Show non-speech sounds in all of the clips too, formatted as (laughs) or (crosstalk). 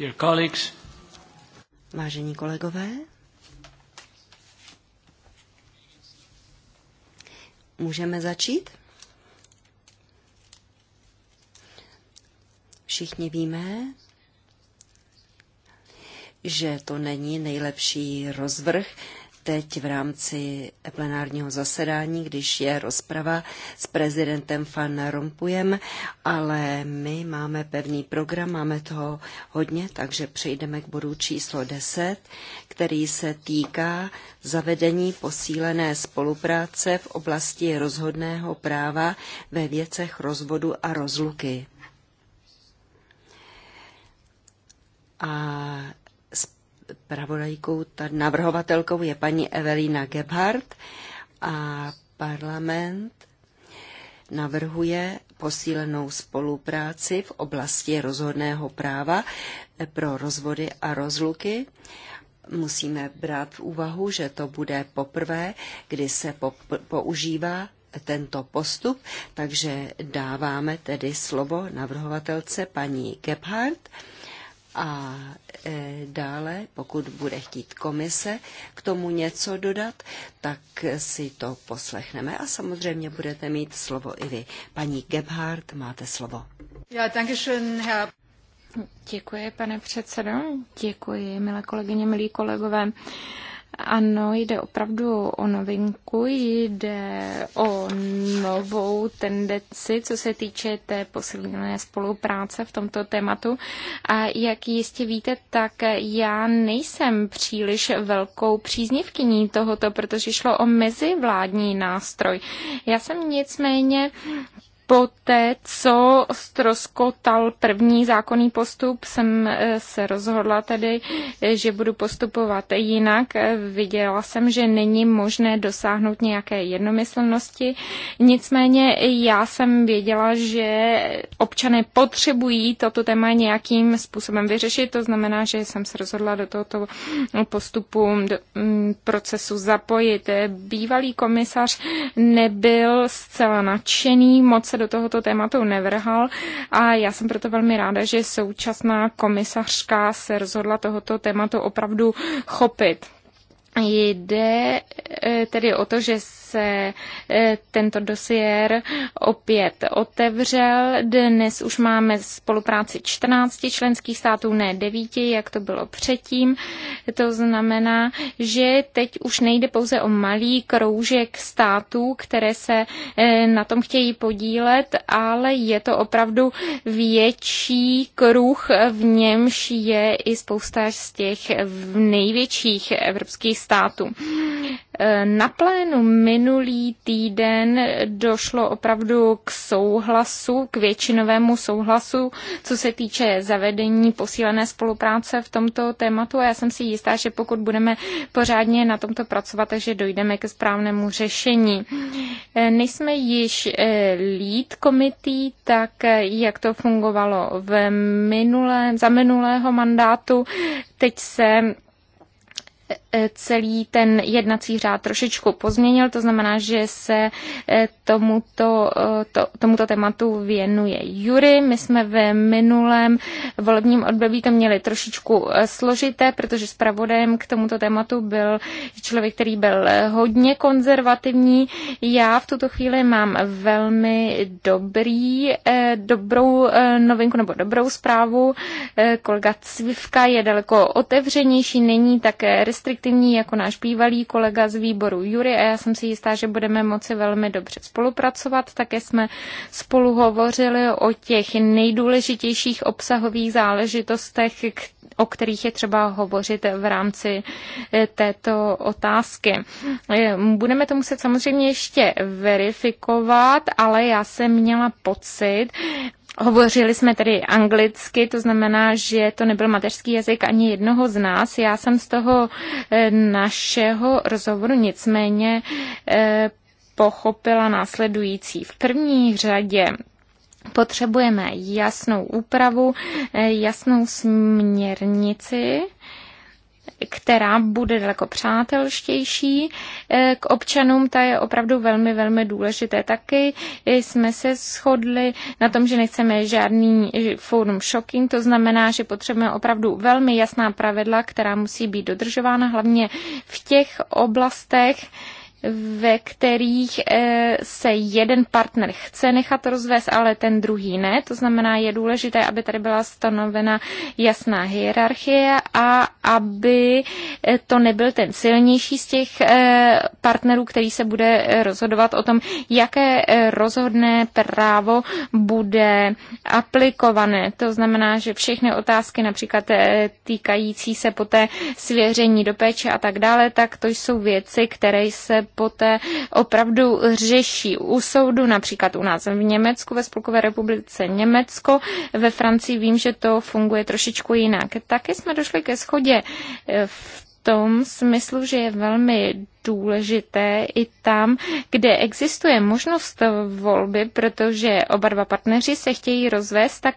Dear colleagues. Vážení kolegové, můžeme začít? Všichni víme, že to není nejlepší rozvrh, teď v rámci plenárního zasedání, když je rozprava s prezidentem Van Rompuyem, ale my máme pevný program, máme toho hodně, takže přejdeme k bodu číslo 10, který se týká zavedení posílené spolupráce v oblasti rozhodného práva ve věcech rozvodu a rozluky. A Pravodajkou, ta navrhovatelkou je paní Evelina Gebhardt a parlament navrhuje posílenou spolupráci v oblasti rozhodného práva pro rozvody a rozluky. Musíme brát v úvahu, že to bude poprvé, kdy se používá tento postup, takže dáváme tedy slovo navrhovatelce paní Gebhardt a e, dále, pokud bude chtít komise k tomu něco dodat, tak si to poslechneme a samozřejmě budete mít slovo i vy. Paní Gebhardt, máte slovo. Ja, danke schön, Herr... Děkuji, pane předsedo. Děkuji, milé kolegyně, milí kolegové. Ano, jde opravdu o novinku, jde o novou tendenci, co se týče té posilněné spolupráce v tomto tématu. A jak jistě víte, tak já nejsem příliš velkou příznivkyní tohoto, protože šlo o mezivládní nástroj. Já jsem nicméně Poté, co stroskotal první zákonný postup, jsem eh, se rozhodla tedy, eh, že budu postupovat jinak. Eh, viděla jsem, že není možné dosáhnout nějaké jednomyslnosti. Nicméně já jsem věděla, že občané potřebují toto téma nějakým způsobem vyřešit. To znamená, že jsem se rozhodla do tohoto postupu, do mm, procesu zapojit. Bývalý komisař nebyl zcela nadšený, moc se do tohoto tématu nevrhal a já jsem proto velmi ráda, že současná komisařka se rozhodla tohoto tématu opravdu chopit. Jde eh, tedy o to, že se eh, tento dosiér opět otevřel. Dnes už máme spolupráci 14 členských států, ne 9, jak to bylo předtím. To znamená, že teď už nejde pouze o malý kroužek států, které se eh, na tom chtějí podílet, ale je to opravdu větší kruh, v němž je i spousta z těch největších evropských států. Eh, na plénu minulý týden došlo opravdu k souhlasu, k většinovému souhlasu, co se týče zavedení posílené spolupráce v tomto tématu a já jsem si jistá, že pokud budeme pořádně na tomto pracovat, takže dojdeme ke správnému řešení. Eh, nejsme již eh, lead komitý, tak jak to fungovalo v minulém, za minulého mandátu, teď se E, celý ten jednací řád trošičku pozměnil, to znamená, že se e, tomuto, e, to, tomuto tématu věnuje Jury. My jsme ve minulém volebním období to měli trošičku složité, protože zpravodajem k tomuto tématu byl člověk, který byl hodně konzervativní. Já v tuto chvíli mám velmi dobrý, dobrou novinku nebo dobrou zprávu. Kolega Cvivka je daleko otevřenější, není tak restriktivní jako náš bývalý kolega z výboru Jury a já jsem si jistá, že budeme moci velmi dobře spolupracovat. Také jsme spolu hovořili o těch nejdůležitějších obsahových záležitostech, o kterých je třeba hovořit v rámci eh, této otázky. Eh, budeme to muset samozřejmě ještě verifikovat, ale já jsem měla pocit, Hovořili jsme tedy anglicky, to znamená, že to nebyl mateřský jazyk ani jednoho z nás. Já jsem z toho eh, našeho rozhovoru nicméně eh, pochopila následující. V první řadě potřebujeme jasnou úpravu, eh, jasnou směrnici, která bude daleko přátelštější eh, k občanům, ta je opravdu velmi, velmi důležité. Taky jsme se shodli na tom, že nechceme žádný eh, forum shocking, to znamená, že potřebujeme opravdu velmi jasná pravidla, která musí být dodržována hlavně v těch oblastech, ve kterých eh, se jeden partner chce nechat rozvést, ale ten druhý ne. To znamená, je důležité, aby tady byla stanovena jasná hierarchie a aby eh, to nebyl ten silnější z těch eh, partnerů, který se bude rozhodovat o tom, jaké rozhodné právo bude aplikované. To znamená, že všechny otázky, například týkající se poté svěření do péče a tak dále, tak to jsou věci, které se poté opravdu řeší u soudu, například u nás v Německu, ve Spolkové republice Německo, ve Francii vím, že to funguje trošičku jinak. Taky jsme došli ke schodě eh, v tom smyslu, že je velmi důležité i tam, kde existuje možnost volby, protože oba dva partneři se chtějí rozvést, tak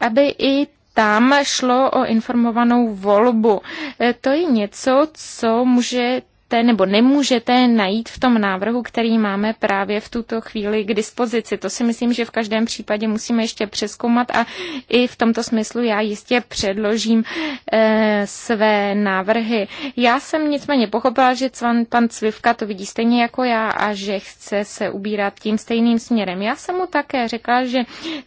aby i tam šlo o informovanou volbu. Eh, to je něco, co může nemůžete nebo nemůžete najít v tom návrhu, který máme právě v tuto chvíli k dispozici. To si myslím, že v každém případě musíme ještě přeskoumat a i v tomto smyslu já jistě předložím e, své návrhy. Já jsem nicméně pochopila, že cvan, pan Cvivka to vidí stejně jako já a že chce se ubírat tím stejným směrem. Já jsem mu také řekla, že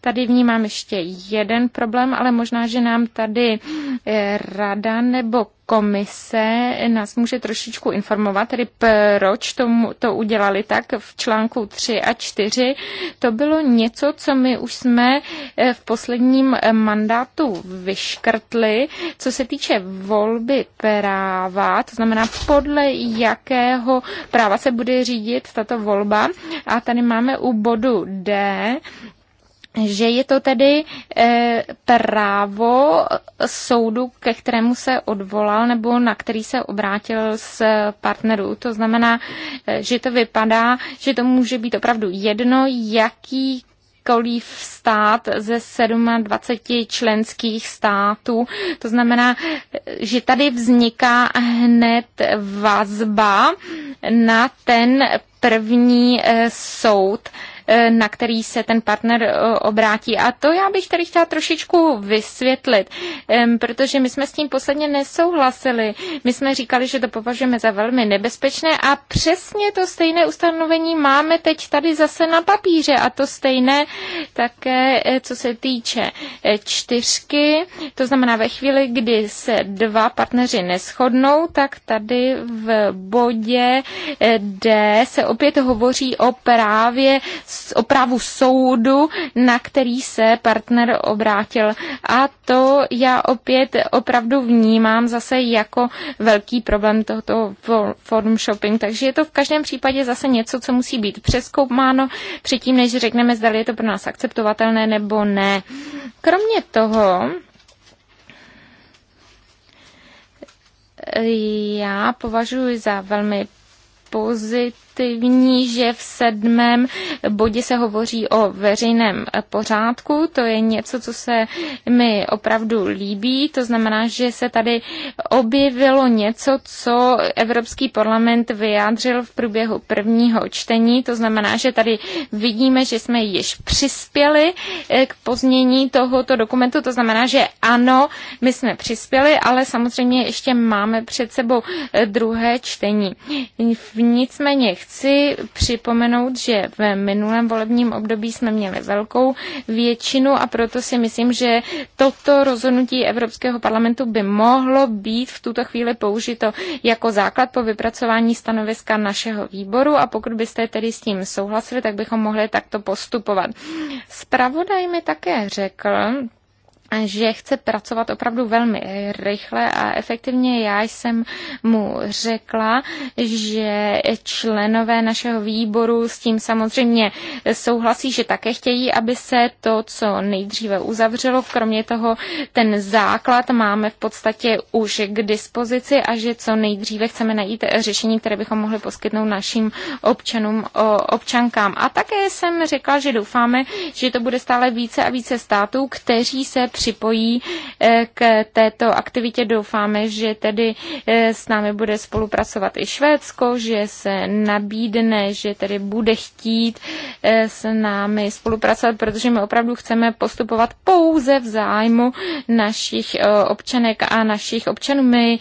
tady vnímám ještě jeden problém, ale možná, že nám tady eh, rada nebo komise nás může trošičku informovat, tedy proč tomu, to udělali tak v článku 3 a 4. To bylo něco, co my už jsme eh, v posledním eh, mandátu vyškrtli, co se týče volby práva, to znamená podle jakého práva se bude řídit tato volba. A tady máme u bodu D že je to tedy e, právo soudu, ke kterému se odvolal nebo na který se obrátil s partnerů. To znamená, eh, že to vypadá, že to může být opravdu jedno, jaký jakýkoliv stát ze 27 členských států. To znamená, eh, že tady vzniká hned vazba na ten první soud Eh, na který se ten partner eh, obrátí. A to já bych tady chtěla trošičku vysvětlit, protože my jsme s tím posledně nesouhlasili. My jsme říkali, že to považujeme za velmi nebezpečné a přesně to stejné ustanovení máme teď tady zase na papíře a to stejné také, eh, co se týče čtyřky. To znamená ve chvíli, kdy se dva partneři neschodnou, tak tady v bodě D se opět hovoří o právě o soudu, na který se partner obrátil. A to já opět opravdu vnímám zase jako velký problém tohoto forum shopping. Takže je to v každém případě zase něco, co musí být přeskoumáno předtím, než řekneme, zda je to pro nás akceptovatelné nebo ne. Kromě toho, já považuji za velmi pozitivní, pozitivní, že v sedmém bodě se hovoří o veřejném pořádku. To je něco, co se mi opravdu líbí. To znamená, že se tady objevilo něco, co Evropský parlament vyjádřil v průběhu prvního čtení. To znamená, že tady vidíme, že jsme již přispěli eh, k poznění tohoto dokumentu. To znamená, že ano, my jsme přispěli, ale samozřejmě ještě máme před sebou eh, druhé čtení. Nicméně chci připomenout, že v minulém volebním období jsme měli velkou většinu a proto si myslím, že toto rozhodnutí Evropského parlamentu by mohlo být v tuto chvíli použito jako základ po vypracování stanoviska našeho výboru a pokud byste tedy s tím souhlasili, tak bychom mohli takto postupovat. Spravodaj mi také řekl, že chce pracovat opravdu velmi rychle a efektivně. Já jsem mu řekla, že členové našeho výboru s tím samozřejmě souhlasí, že také chtějí, aby se to, co nejdříve uzavřelo, kromě toho ten základ máme v podstatě už k dispozici a že co nejdříve chceme najít řešení, které bychom mohli poskytnout našim občanům, občankám. A také jsem řekla, že doufáme, že to bude stále více a více států, kteří se při připojí eh, k této aktivitě. Doufáme, že tedy eh, s námi bude spolupracovat i Švédsko, že se nabídne, že tedy bude chtít eh, s námi spolupracovat, protože my opravdu chceme postupovat pouze v zájmu našich občanek a našich občanů. My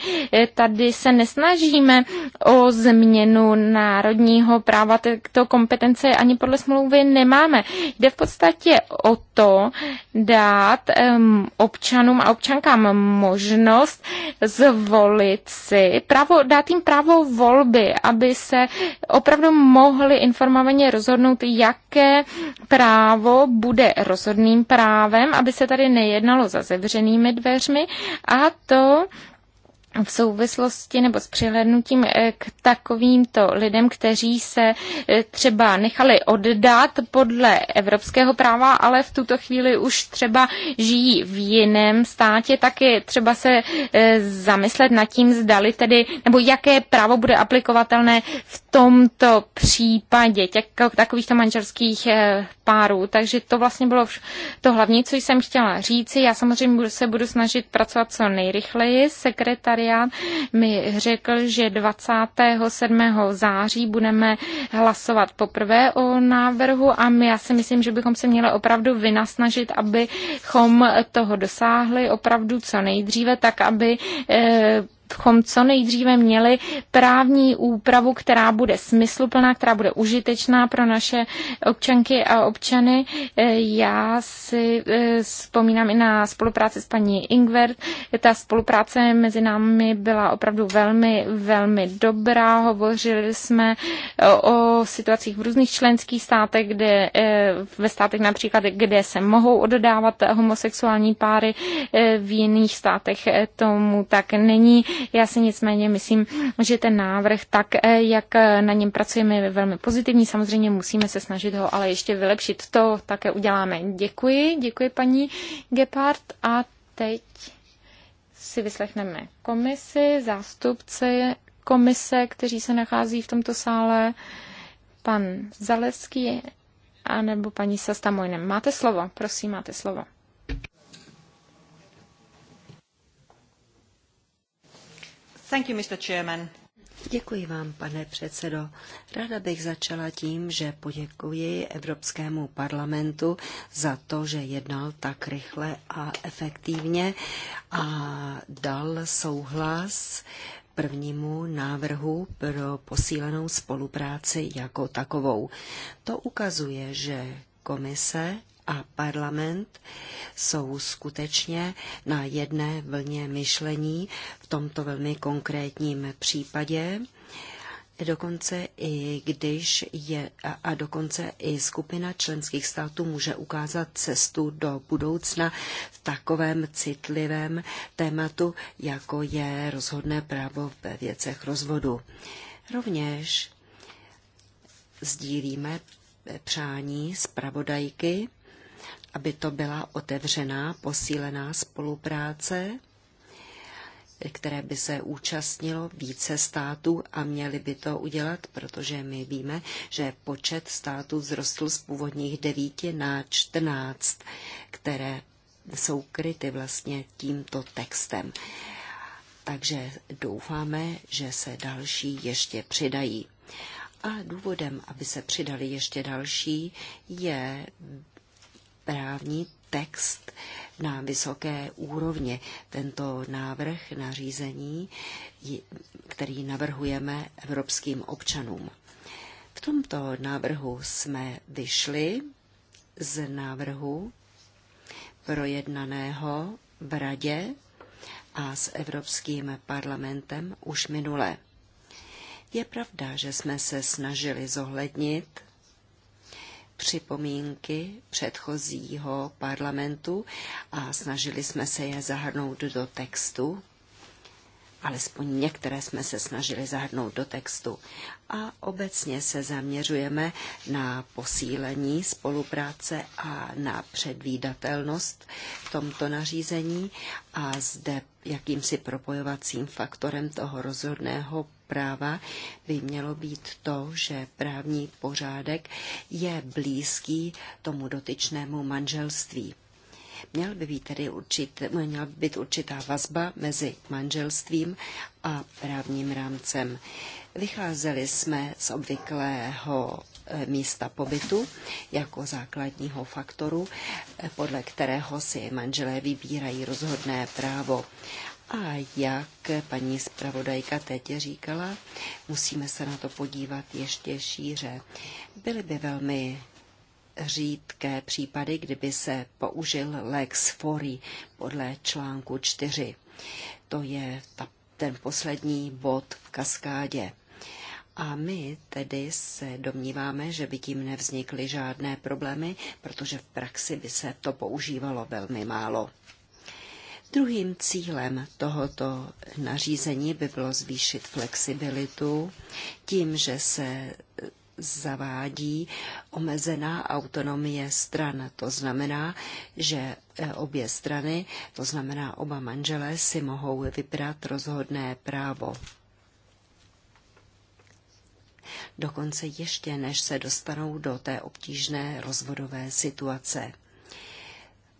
tady se nesnažíme o změnu národního práva, to kompetence ani podle smlouvy nemáme. Jde v podstatě o to dát občanům a občankám možnost zvolit si, právo, dát jim právo volby, aby se opravdu mohli informovaně rozhodnout, jaké právo bude rozhodným právem, aby se tady nejednalo za zevřenými dveřmi a to v souvislosti nebo s přihlednutím eh, k takovýmto lidem, kteří se eh, třeba nechali oddat podle evropského práva, ale v tuto chvíli už třeba žijí v jiném státě, tak je třeba se eh, zamyslet nad tím, zdali tedy, nebo jaké právo bude aplikovatelné v tomto případě těch, takovýchto manželských párů. Takže to vlastně bylo to hlavní, co jsem chtěla říci. Já samozřejmě se budu snažit pracovat co nejrychleji. Sekretary sekretariát mi řekl, že 27. září budeme hlasovat poprvé o návrhu a my, já si myslím, že bychom se měli opravdu vynasnažit, abychom toho dosáhli opravdu co nejdříve, tak aby eh, bychom co nejdříve měli právní úpravu, která bude smysluplná, která bude užitečná pro naše občanky a občany. E, já si e, vzpomínám i na spolupráci s paní Ingvert. Ta spolupráce mezi námi byla opravdu velmi, velmi dobrá. Hovořili jsme e, o situacích v různých členských státech, kde ve státech například, kde se mohou oddávat homosexuální páry, v jiných státech tomu tak není. Já si nicméně myslím, že ten návrh, tak eh, jak eh, na něm pracujeme, je velmi pozitivní. Samozřejmě musíme se snažit ho ale ještě vylepšit. To také uděláme. Děkuji, děkuji paní Gepard a teď si vyslechneme komisi, zástupce komise, kteří se nachází v tomto sále, pan Zaleský nebo paní Sastamojnem. Máte slovo, prosím, máte slovo. Thank you, Mr. Chairman. Děkuji vám, pane předsedo. Ráda bych začala tím, že poděkuji Evropskému parlamentu za to, že jednal tak rychle a efektivně a dal souhlas prvnímu návrhu pro posílenou spolupráci jako takovou. To ukazuje, že komise a parlament jsou skutečně na jedné vlně myšlení v tomto velmi konkrétním případě. Dokonce i když je, a dokonce i skupina členských států může ukázat cestu do budoucna v takovém citlivém tématu, jako je rozhodné právo ve věcech rozvodu. Rovněž sdílíme přání zpravodajky aby to byla otevřená, posílená spolupráce, které by se účastnilo více států a měli by to udělat, protože my víme, že počet států vzrostl z původních devíti na čtrnáct, které jsou kryty vlastně tímto textem. Takže doufáme, že se další ještě přidají. A důvodem, aby se přidali ještě další, je právní text na vysoké úrovně. Tento návrh nařízení, který navrhujeme evropským občanům. V tomto návrhu jsme vyšli z návrhu projednaného v Radě a s Evropským parlamentem už minule. Je pravda, že jsme se snažili zohlednit připomínky předchozího parlamentu a snažili jsme se je zahrnout do textu. Alespoň některé jsme se snažili zahrnout do textu. A obecně se zaměřujeme na posílení spolupráce a na předvídatelnost v tomto nařízení a zde jakýmsi propojovacím faktorem toho rozhodného práva by mělo být to, že právní pořádek je blízký tomu dotyčnému manželství. Měl by být tedy určit, měla by být určitá vazba mezi manželstvím a právním rámcem. Vycházeli jsme z obvyklého e, místa pobytu jako základního faktoru, e, podle kterého si manželé vybírají rozhodné právo. A jak paní zpravodajka teď říkala, musíme se na to podívat ještě šíře. Byly by velmi řídké případy, kdyby se použil lex fori podle článku 4. To je ta, ten poslední bod v kaskádě. A my tedy se domníváme, že by tím nevznikly žádné problémy, protože v praxi by se to používalo velmi málo. Druhým cílem tohoto nařízení by bylo zvýšit flexibilitu tím, že se zavádí omezená autonomie stran. To znamená, že eh, obě strany, to znamená oba manželé, si mohou vybrat rozhodné právo. Dokonce ještě než se dostanou do té obtížné rozvodové situace.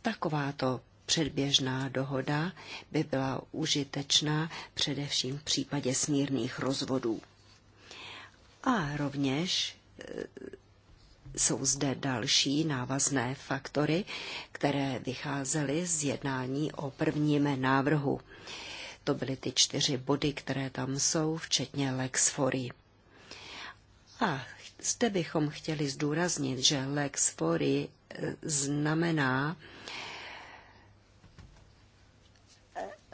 Takováto Předběžná dohoda by byla užitečná především v případě smírných rozvodů. A rovněž e, jsou zde další návazné faktory, které vycházely z jednání o prvním návrhu. To byly ty čtyři body, které tam jsou, včetně Fori. A zde bychom chtěli zdůraznit, že Lex Fori e, znamená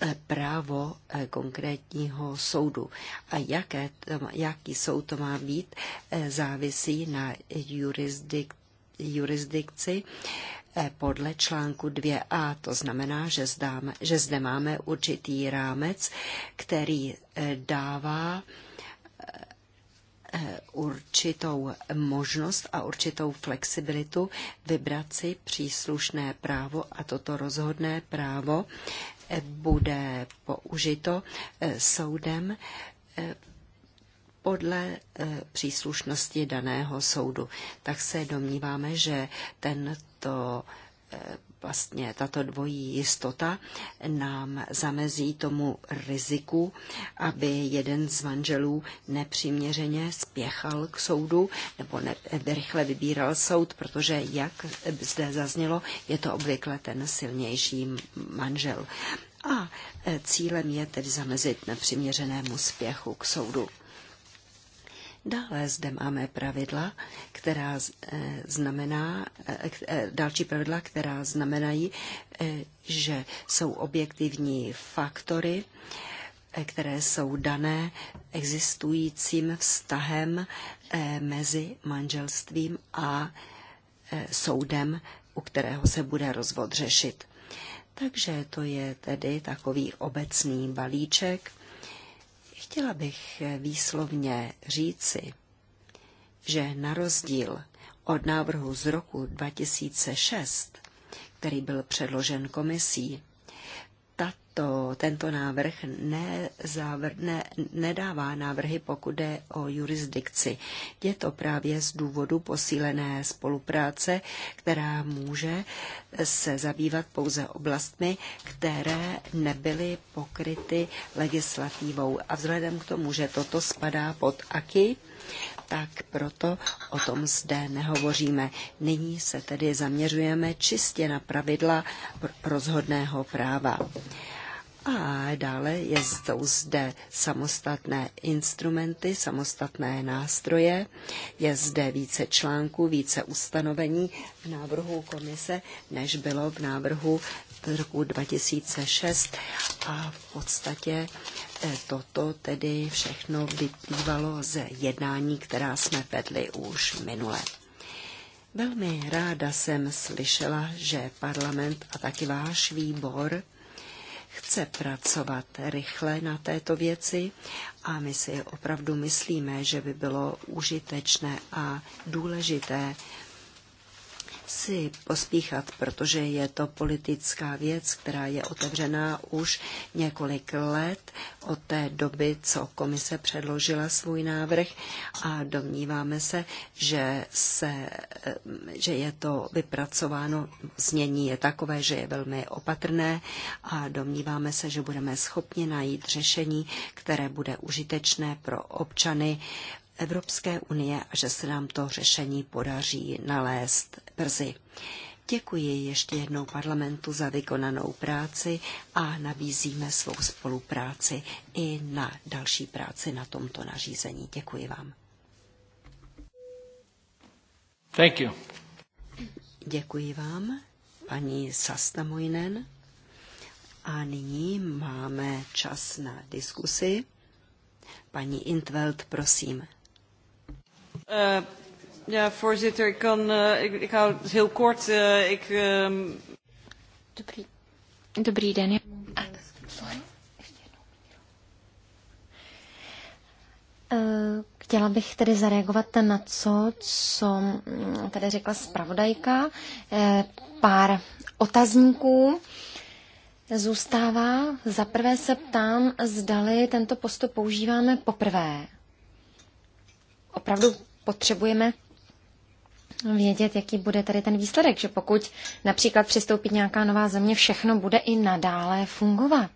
Eh, právo eh, konkrétního soudu. A jaké, jaký soud to má být, eh, závisí na jurisdik, jurisdikci podle článku 2a. To znamená, že, zdáme, že zde máme určitý rámec, který dává určitou možnost a určitou flexibilitu vybrat si příslušné právo a toto rozhodné právo bude použito eh, soudem eh, podle eh, příslušnosti daného soudu. Tak se domníváme, že tento vlastně tato dvojí jistota nám zamezí tomu riziku, aby jeden z manželů nepřiměřeně spěchal k soudu nebo ne, rychle vybíral soud, protože, jak zde zaznělo, je to obvykle ten silnější manžel. A e, cílem je tedy zamezit nepřiměřenému spěchu k soudu. Dále zde máme pravidla, která eh, znamená, eh, eh, další pravidla, která znamenají, že jsou objektivní faktory, které jsou dané existujícím vztahem mezi manželstvím a soudem, u kterého se bude rozvod řešit. Takže to je tedy takový obecný balíček Chtěla bych výslovně říci, že na rozdíl od návrhu z roku 2006, který byl předložen komisí, to, tento návrh závr, ne, nedává návrhy, pokud jde o jurisdikci. Je to právě z důvodu posílené spolupráce, která může se zabývat pouze oblastmi, které nebyly pokryty legislativou. A vzhledem k tomu, že toto spadá pod AKI, tak proto o tom zde nehovoříme. Nyní se tedy zaměřujeme čistě na pravidla rozhodného práva. A dále je jsou zde samostatné instrumenty, samostatné nástroje, je zde více článků, více ustanovení v návrhu komise, než bylo v návrhu roku 2006 a v podstatě eh, toto tedy všechno vyplývalo ze jednání, která jsme vedli už minule. Velmi ráda jsem slyšela, že parlament a taky váš výbor chce pracovat rychle na této věci a my si opravdu myslíme, že by bylo užitečné a důležité si pospíchat, protože je to politická věc, která je otevřená už několik let od té doby, co komise předložila svůj návrh a domníváme se, že, se, že je to vypracováno, znění je takové, že je velmi opatrné a domníváme se, že budeme schopni najít řešení, které bude užitečné pro občany Evropské unie a že se nám to řešení podaří nalézt brzy. Děkuji ještě jednou parlamentu za vykonanou práci a nabízíme svou spolupráci i na další práci na tomto nařízení. Děkuji vám. Thank you. Děkuji vám, paní Mojnen. A nyní máme čas na diskusi. Paní Intveld, prosím. Uh, ja, voorzitter, ik, kan, uh, ik, ik hou het heel kort. Uh, ik, um... Dobrý. Dobrý den. Já Chtěla bych tedy zareagovat na co, co mm, tady řekla zpravodajka. Pár otazníků zůstává. Za prvé se ptám, zdali tento postup používáme poprvé. Opravdu potřebujeme vědět, jaký bude tady ten výsledek, že pokud například přistoupí nějaká nová země, všechno bude i nadále fungovat.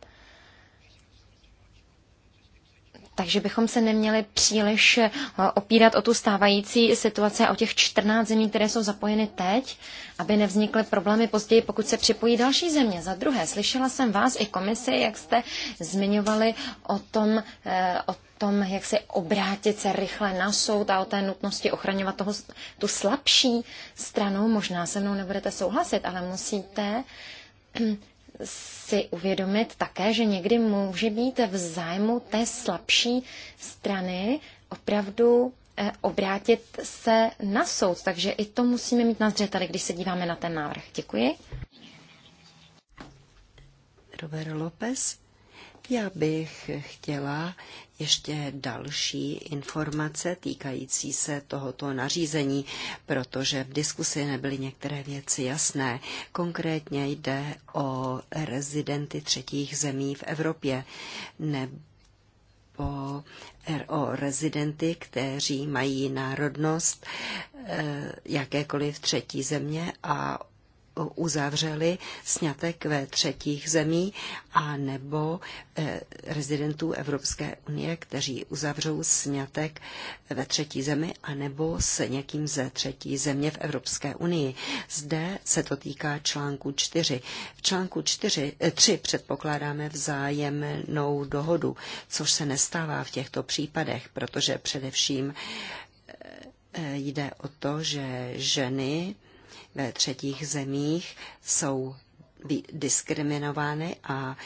Takže bychom se neměli příliš eh, opírat o tu stávající situaci a o těch 14 zemí, které jsou zapojeny teď, aby nevznikly problémy později, pokud se připojí další země. Za druhé, slyšela jsem vás i komisi, jak jste zmiňovali o tom, eh, o tom, jak se obrátit se rychle na soud a o té nutnosti ochraňovat toho, tu slabší stranu. Možná se mnou nebudete souhlasit, ale musíte si uvědomit také, že někdy může být v zájmu té slabší strany opravdu eh, obrátit se na soud. Takže i to musíme mít na zřeteli, když se díváme na ten návrh. Děkuji. Robert Lopez. Já bych chtěla ještě další informace týkající se tohoto nařízení, protože v diskusi nebyly některé věci jasné. Konkrétně jde o rezidenty třetích zemí v Evropě nebo o rezidenty, kteří mají národnost eh, jakékoliv třetí země a uzavřeli snětek ve třetích zemí a nebo eh, rezidentů Evropské unie, kteří uzavřou snětek ve třetí zemi a nebo s někým ze třetí země v Evropské unii. Zde se to týká článku 4. V článku 4, 3 eh, předpokládáme vzájemnou dohodu, což se nestává v těchto případech, protože především eh, jde o to, že ženy ve třetích zemích jsou diskriminovány a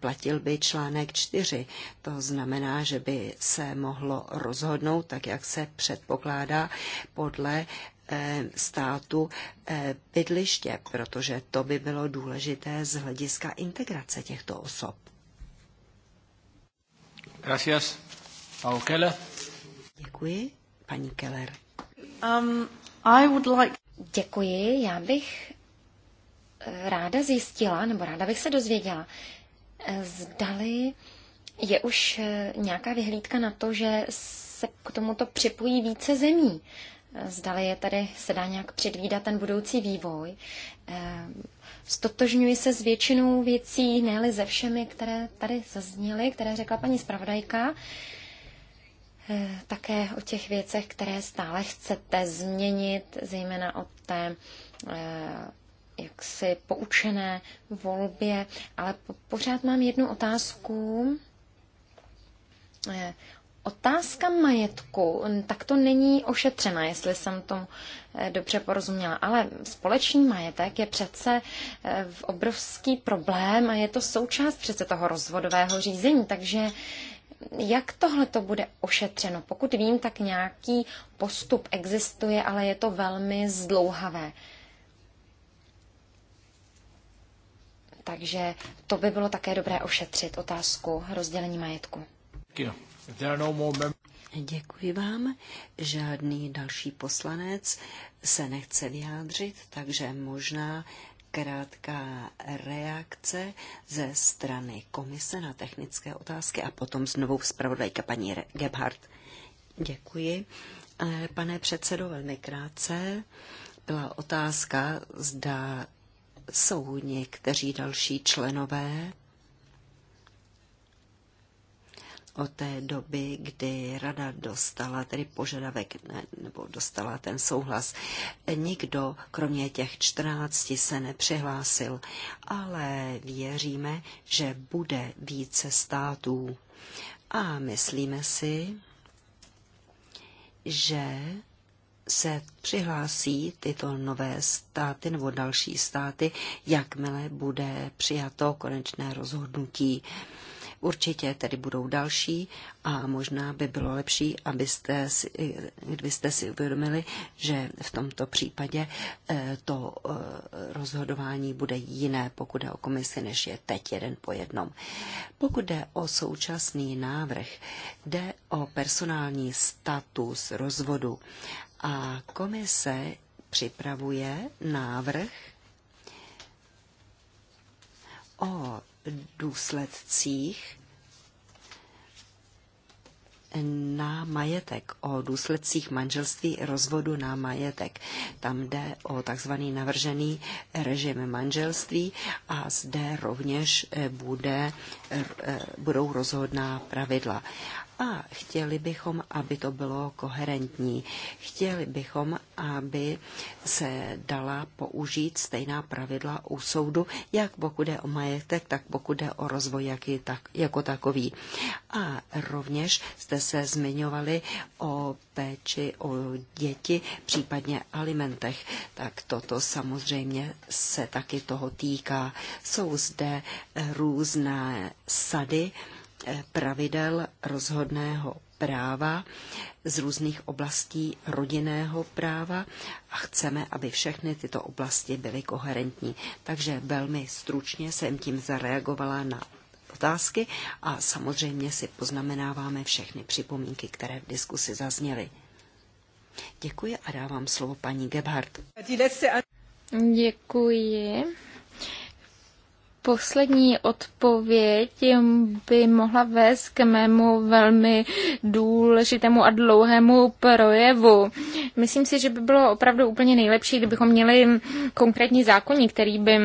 platil by článek 4. To znamená, že by se mohlo rozhodnout, tak jak se předpokládá podle eh, státu eh, bydliště, protože to by bylo důležité z hlediska integrace těchto osob. Gracias. Keller. Děkuji, paní Keller. Um, I would like... Děkuji. Já bych eh, ráda zjistila, nebo ráda bych se dozvěděla, eh, zdali je už eh, nějaká vyhlídka na to, že se k tomuto připojí více zemí. Zdali je tady, se dá nějak předvídat ten budoucí vývoj. Stotožňuji se s většinou věcí, ne ze všemi, které tady zazněly, které řekla paní zpravodajka. Eh, také o těch věcech, které stále chcete změnit, zejména o té eh, jaksi poučené volbě, ale pořád mám jednu otázku. Eh, otázka majetku, tak to není ošetřena, jestli jsem to dobře porozuměla, ale společný majetek je přece v obrovský problém a je to součást přece toho rozvodového řízení, takže jak tohle to bude ošetřeno? Pokud vím, tak nějaký postup existuje, ale je to velmi zdlouhavé. Takže to by bylo také dobré ošetřit otázku rozdělení majetku. Děkuji vám. Žádný další poslanec se nechce vyjádřit, takže možná krátká reakce ze strany komise na technické otázky a potom znovu zpravodajka paní Gebhardt. Děkuji. Eh, pane předsedo, velmi krátce byla otázka, zda jsou někteří další členové od té doby, kdy rada dostala tedy požadavek ne, nebo dostala ten souhlas. Nikdo, kromě těch 14, se nepřihlásil, ale věříme, že bude více států. A myslíme si, že se přihlásí tyto nové státy nebo další státy, jakmile bude přijato konečné rozhodnutí. Uh, Určitě tedy budou další a možná by bylo lepší, abyste si, kdybyste si uvědomili, že v tomto případě eh, to eh, rozhodování bude jiné, pokud jde o komisi, než je teď jeden po jednom. Pokud jde o současný návrh, jde o personální status rozvodu a komise připravuje návrh, o důsledcích na majetek, o důsledcích manželství rozvodu na majetek. Tam jde o takzvaný navržený režim manželství a zde rovněž eh, bude, eh, budou rozhodná pravidla a chtěli bychom, aby to bylo koherentní. Chtěli bychom, aby se dala použít stejná pravidla u soudu, jak pokud je o majetek, tak pokud je o rozvoj jaký, tak, jako takový. A rovněž jste se zmiňovali o péči o děti, případně alimentech. Tak toto samozřejmě se taky toho týká. Jsou zde různé sady, pravidel rozhodného práva z různých oblastí rodinného práva a chceme, aby všechny tyto oblasti byly koherentní. Takže velmi stručně jsem tím zareagovala na otázky a samozřejmě si poznamenáváme všechny připomínky, které v diskusi zazněly. Děkuji a dávám slovo paní Gebhardt. Děkuji poslední odpověď by mohla vést k mému velmi důležitému a dlouhému projevu. Myslím si, že by bylo opravdu úplně nejlepší, kdybychom měli konkrétní zákonník, který by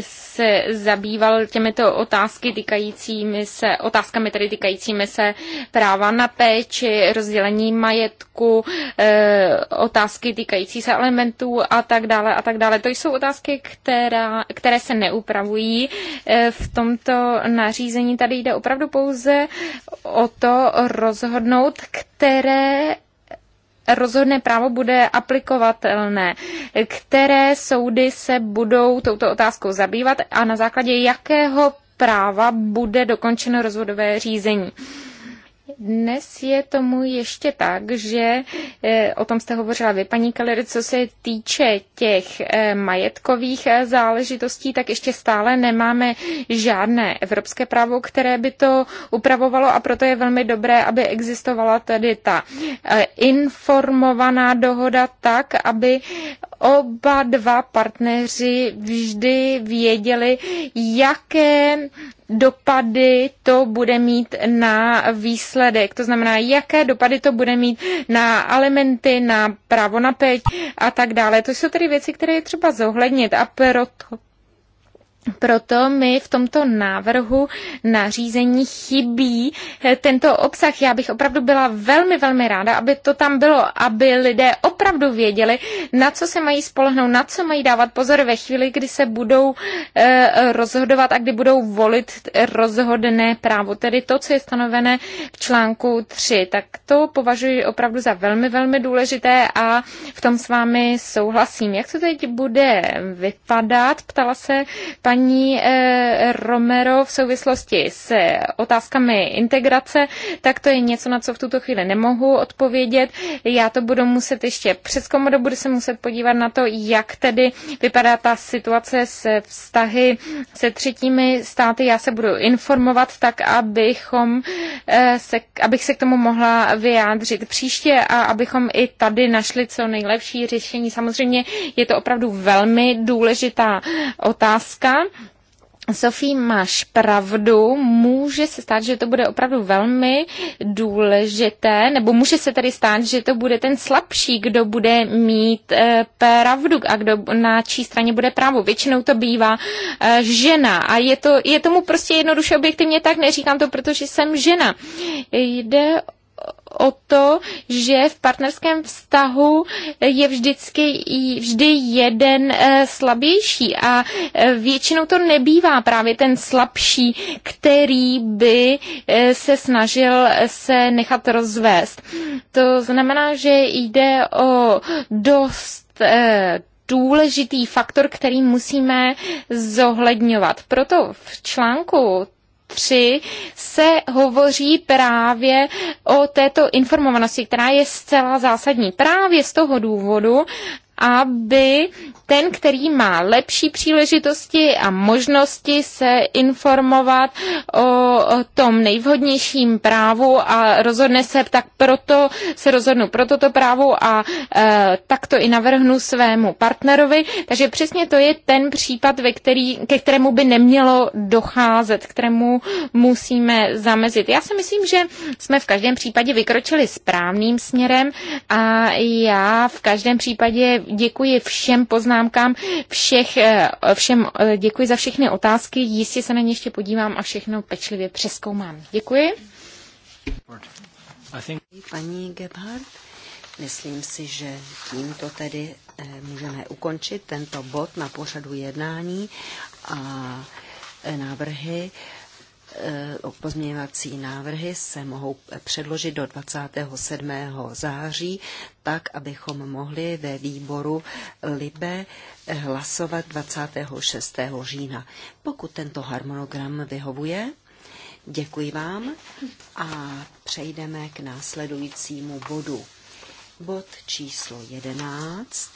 se zabýval těmito otázky týkajícími se, otázkami tedy týkajícími se práva na péči, rozdělení majetku, eh, otázky týkající se elementů a tak dále a tak dále. To jsou otázky, která, které se neupravují Eh, v tomto nařízení. Tady jde opravdu pouze o to rozhodnout, které rozhodné právo bude aplikovatelné, které soudy se budou touto otázkou zabývat a na základě jakého práva bude dokončeno rozvodové řízení. Dnes je tomu ještě tak, že eh, o tom jste hovořila vy, paní Kalery, co se týče těch eh, majetkových eh, záležitostí, tak ještě stále nemáme žádné evropské právo, které by to upravovalo a proto je velmi dobré, aby existovala tedy ta informovaná dohoda tak, aby oba dva partneři vždy věděli, jaké dopady to bude mít na výsledek. To znamená, jaké dopady to bude mít na alimenty, na právo na peť a tak dále. To jsou tedy věci, které je třeba zohlednit a proto proto mi v tomto návrhu nařízení chybí eh, tento obsah. Já bych opravdu byla velmi, velmi ráda, aby to tam bylo, aby lidé opravdu věděli, na co se mají spolehnout, na co mají dávat pozor ve chvíli, kdy se budou eh, rozhodovat a kdy budou volit rozhodné právo. Tedy to, co je stanovené v článku 3. Tak to považuji opravdu za velmi, velmi důležité a v tom s vámi souhlasím. Jak to teď bude vypadat? Ptala se paní paní eh, Romero v souvislosti s otázkami integrace, tak to je něco, na co v tuto chvíli nemohu odpovědět. Já to budu muset ještě přeskoumat, budu se muset podívat na to, jak tedy vypadá ta situace se vztahy se třetími státy. Já se budu informovat tak, abychom eh, se, abych se k tomu mohla vyjádřit příště a abychom i tady našli co nejlepší řešení. Samozřejmě je to opravdu velmi důležitá otázka. Sofí, máš pravdu, může se stát, že to bude opravdu velmi důležité, nebo může se tady stát, že to bude ten slabší, kdo bude mít e, pravdu a kdo na čí straně bude právo. Většinou to bývá e, žena a je, to, je tomu prostě jednoduše objektivně tak, neříkám to, protože jsem žena. Jde o to, že v partnerském vztahu je vždycky vždy jeden eh, slabější a eh, většinou to nebývá právě ten slabší, který by eh, se snažil se nechat rozvést. To znamená, že jde o dost důležitý faktor, který musíme zohledňovat. Proto v článku 3 se hovoří právě o této informovanosti, která je zcela zásadní. Právě z toho důvodu, aby ten, který má lepší příležitosti a možnosti se informovat o tom nejvhodnějším právu a rozhodne se, tak proto se rozhodnu pro toto právo a e, tak to i navrhnu svému partnerovi. Takže přesně to je ten případ, ve který, ke kterému by nemělo docházet, kterému musíme zamezit. Já si myslím, že jsme v každém případě vykročili správným směrem a já v každém případě děkuji všem poznámkám, všech, eh, všem, eh, děkuji za všechny otázky, jistě se na ně ještě podívám a všechno pečlivě přeskoumám. Děkuji. Paní Gebhardt, myslím si, že tímto tedy eh, můžeme ukončit tento bod na pořadu jednání a návrhy Eh, pozměňovací návrhy se mohou předložit do 27. září, tak, abychom mohli ve výboru LIBE hlasovat 26. října. Pokud tento harmonogram vyhovuje, děkuji vám a přejdeme k následujícímu bodu. Bod číslo 11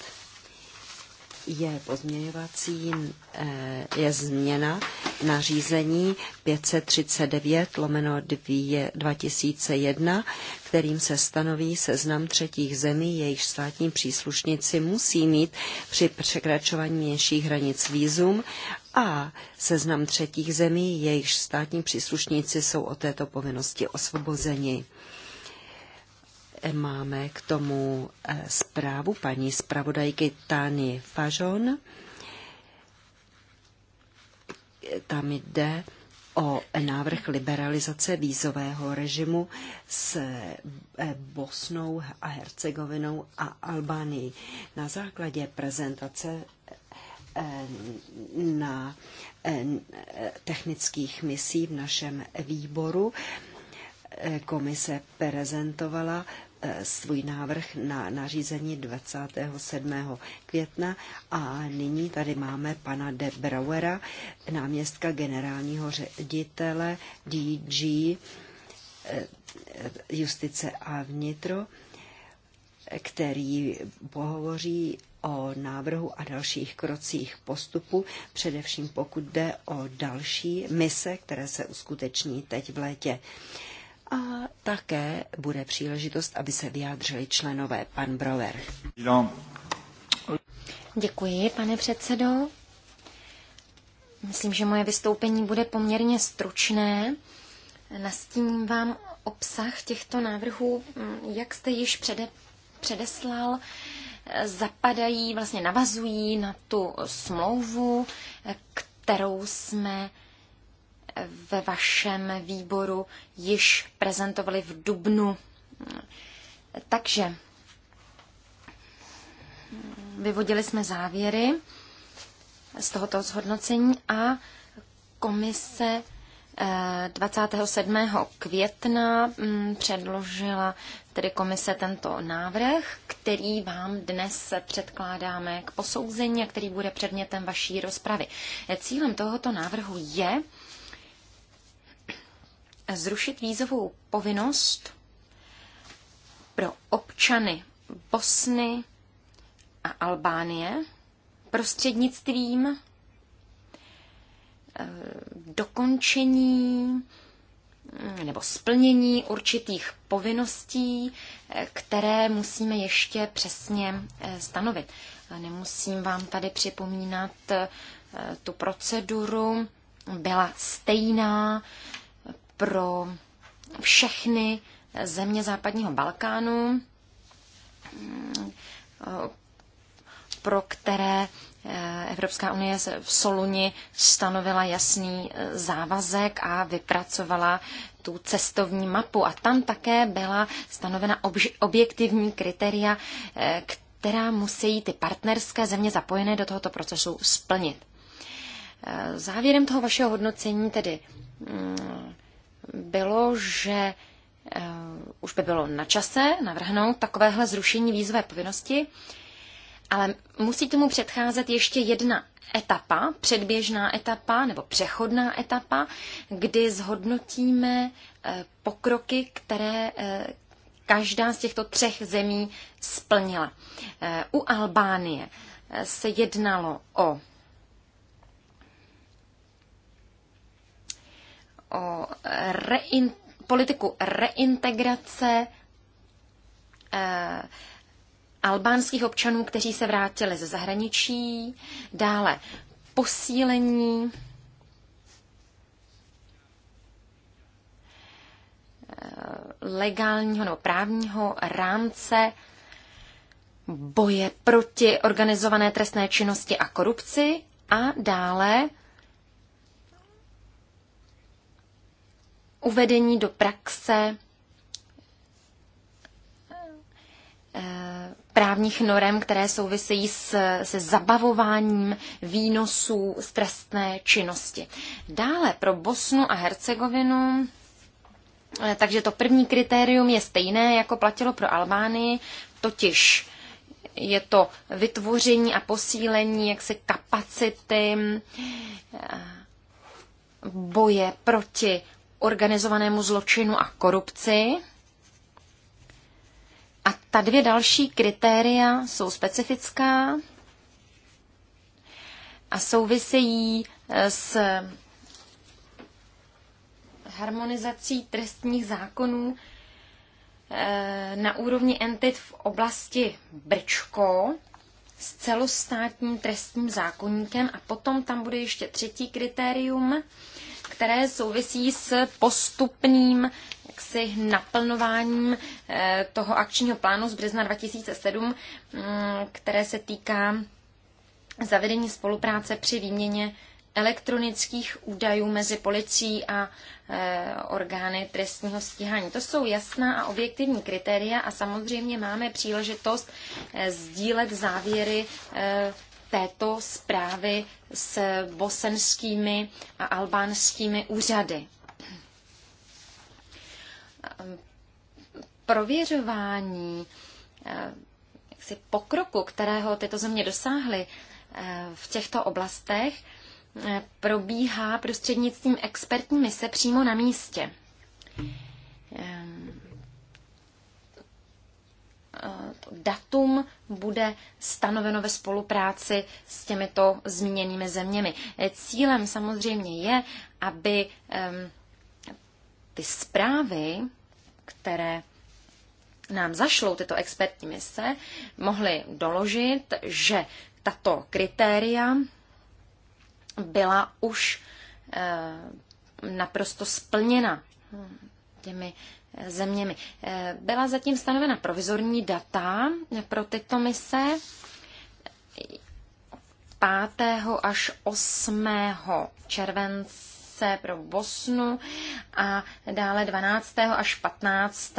je pozměňovací, eh, je změna nařízení 539 lomeno 2001, kterým se stanoví seznam třetích zemí, jejichž státní příslušníci musí mít při překračování měnších hranic výzum a seznam třetích zemí, jejichž státní příslušníci jsou od této povinnosti osvobozeni. Máme k tomu eh, zprávu paní zpravodajky Tani Fažon. Tam jde o návrh liberalizace vízového režimu s eh, Bosnou a Hercegovinou a Albánií. Na základě prezentace eh, na technických misí v našem výboru komise prezentovala Eh, svůj návrh na nařízení 27. května a nyní tady máme pana De Brauera, náměstka generálního ředitele DG eh, Justice a vnitro, který pohovoří o návrhu a dalších krocích postupu, především pokud jde o další mise, které se uskuteční teď v létě a také bude příležitost, aby se vyjádřili členové. Pan Brower. Děkuji, pane předsedo. Myslím, že moje vystoupení bude poměrně stručné. Nastíním vám obsah těchto návrhů, jak jste již přede, předeslal, zapadají, vlastně navazují na tu smlouvu, kterou jsme ve vašem výboru již prezentovali v Dubnu. Takže vyvodili jsme závěry z tohoto zhodnocení a komise 27. Eh, května mm, předložila tedy komise tento návrh, který vám dnes předkládáme k posouzení a který bude předmětem vaší rozpravy. Cílem tohoto návrhu je zrušit vízovou povinnost pro občany Bosny a Albánie prostřednictvím eh, dokončení mm, nebo splnění určitých povinností, eh, které musíme ještě přesně eh, stanovit. Nemusím vám tady připomínat tu proceduru, byla stejná pro všechny země západního Balkánu, pro které eh, Evropská unie v Soluni stanovila jasný eh, závazek a vypracovala tu cestovní mapu. A tam také byla stanovena objektivní kritéria, eh, která musí ty partnerské země zapojené do tohoto procesu splnit. Závěrem toho vašeho hodnocení tedy mm, bylo, že eh, už by bylo na čase navrhnout takovéhle zrušení výzové povinnosti, ale musí tomu předcházet ještě jedna etapa, předběžná etapa nebo přechodná etapa, kdy zhodnotíme eh, pokroky, které eh, každá z těchto třech zemí splnila. U Albánie se jednalo o o rein, politiku reintegrace eh, albánských občanů, kteří se vrátili ze zahraničí, dále posílení eh, legálního nebo právního rámce boje proti organizované trestné činnosti a korupci a dále uvedení do praxe eh, právních norem, které souvisejí s, se zabavováním výnosů z trestné činnosti. Dále pro Bosnu a Hercegovinu eh, takže to první kritérium je stejné, jako platilo pro Albánii, totiž je to vytvoření a posílení jaksi kapacity eh, boje proti organizovanému zločinu a korupci. A ta dvě další kritéria jsou specifická a souvisejí eh, s harmonizací trestních zákonů eh, na úrovni entit v oblasti Brčko s celostátním trestním zákonníkem a potom tam bude ještě třetí kritérium, které souvisí s postupným jaksi naplnováním eh, toho akčního plánu z března 2007, mm, které se týká zavedení spolupráce při výměně elektronických údajů mezi policií a e, orgány trestního stíhání. To jsou jasná a objektivní kritéria a samozřejmě máme příležitost e, sdílet závěry e, této zprávy s bosenskými a albánskými úřady. Prověřování eh, jaksi pokroku, kterého tyto země dosáhly eh, v těchto oblastech, eh, probíhá prostřednictvím expertní mise přímo na místě. Ehm, datum bude stanoveno ve spolupráci s těmito zmíněnými zeměmi. Eh, cílem samozřejmě je, aby ty zprávy, které nám zašlou tyto expertní mise, mohly doložit, že tato kritéria byla už eh, naprosto splněna těmi zeměmi. Eh, byla zatím stanovena provizorní data pro tyto mise 5. až 8. července pro Bosnu a dále 12. až 15.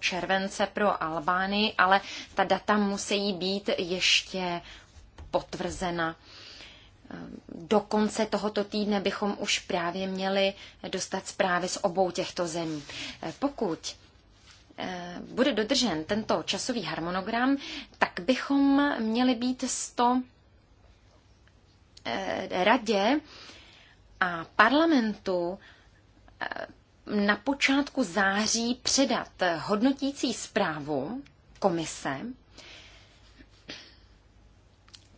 července pro Albánii, ale ta data musí být ještě potvrzena do konce tohoto týdne bychom už právě měli dostat zprávy z obou těchto zemí. Pokud eh, bude dodržen tento časový harmonogram, tak bychom měli být s to eh, radě a parlamentu eh, na počátku září předat hodnotící zprávu komise,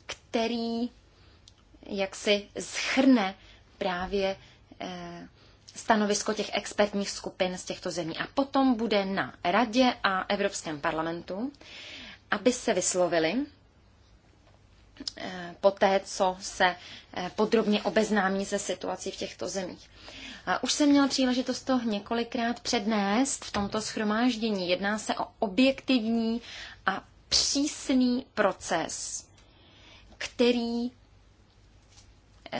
který jak si zhrne právě eh, stanovisko těch expertních skupin z těchto zemí. A potom bude na Radě a Evropském parlamentu, aby se vyslovili eh, poté, co se eh, podrobně obeznámí se situací v těchto zemích. Už jsem měla příležitost to několikrát přednést v tomto schromáždění. Jedná se o objektivní a přísný proces, který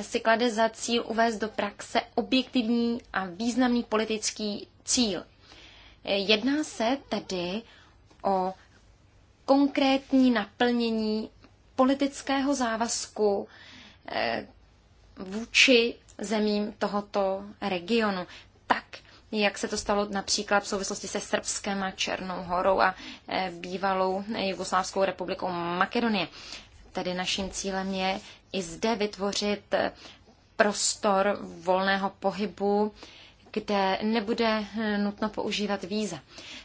si klade za cíl uvést do praxe objektivní a významný politický cíl. Jedná se tedy o konkrétní naplnění politického závazku eh, vůči zemím tohoto regionu. Tak, jak se to stalo například v souvislosti se Srbskem a Černou horou a eh, bývalou Jugoslávskou republikou Makedonie. Tedy naším cílem je i zde vytvořit eh, prostor volného pohybu, kde nebude eh, nutno používat víza.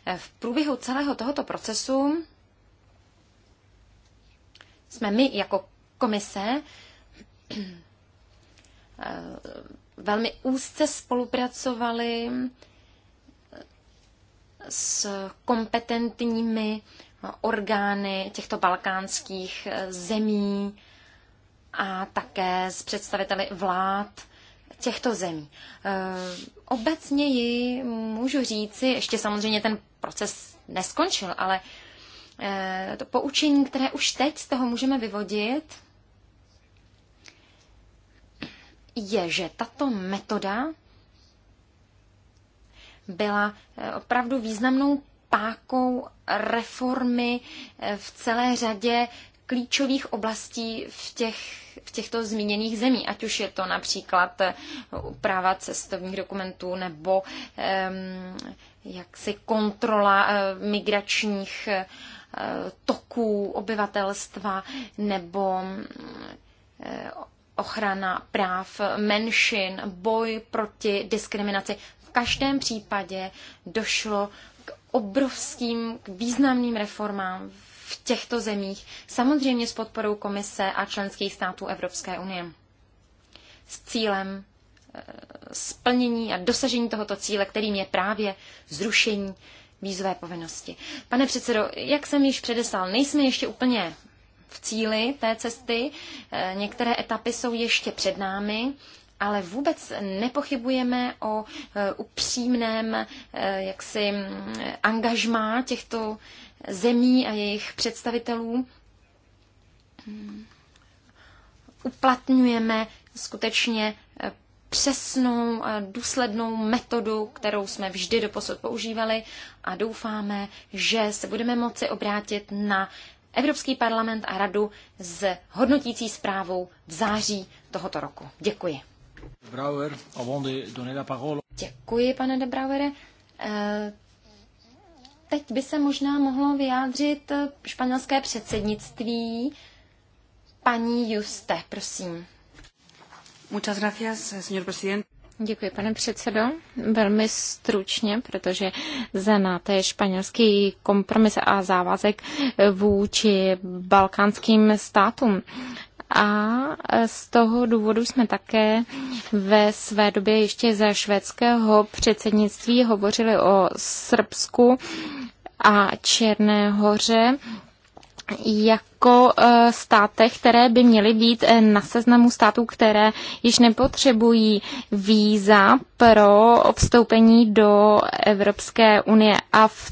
Eh, v průběhu celého tohoto procesu jsme my jako komise velmi úzce spolupracovali s kompetentními orgány těchto balkánských eh, zemí a také s představiteli vlád těchto zemí. Eh, obecně ji můžu říci, ještě samozřejmě ten proces neskončil, ale eh, to poučení, které už teď z toho můžeme vyvodit, je, že tato metoda byla opravdu významnou pákou reformy eh, v celé řadě klíčových oblastí v, těch, v těchto zmíněných zemí, ať už je to například eh, úprava cestovních dokumentů nebo um, jaksi kontrola uh, migračních uh, toků obyvatelstva nebo uh, ochrana práv menšin, boj proti diskriminaci. V každém případě došlo obrovským významným reformám v těchto zemích, samozřejmě s podporou Komise a členských států Evropské unie. S cílem eh, splnění a dosažení tohoto cíle, kterým je právě zrušení vízové povinnosti. Pane předsedo, jak jsem již předeslal, nejsme ještě úplně v cíli té cesty. Eh, některé etapy jsou ještě před námi ale vůbec nepochybujeme o e, upřímném e, jaksi angažmá těchto zemí a jejich představitelů. Uplatňujeme skutečně e, přesnou a důslednou metodu, kterou jsme vždy doposud používali a doufáme, že se budeme moci obrátit na Evropský parlament a radu s hodnotící zprávou v září tohoto roku. Děkuji. Děkuji, pane de Brauere. Eh, teď by se možná mohlo vyjádřit eh, španělské předsednictví. Paní Juste, prosím. Muchas gracias, señor presidente. Děkuji, pane předsedo. Velmi stručně, protože za to je španělský kompromis a závazek vůči balkánským státům a z toho důvodu jsme také ve své době ještě za švédského předsednictví hovořili o Srbsku a Černé hoře jako e, státech, které by měly být e, na seznamu států, které již nepotřebují víza pro vstoupení do Evropské unie. A v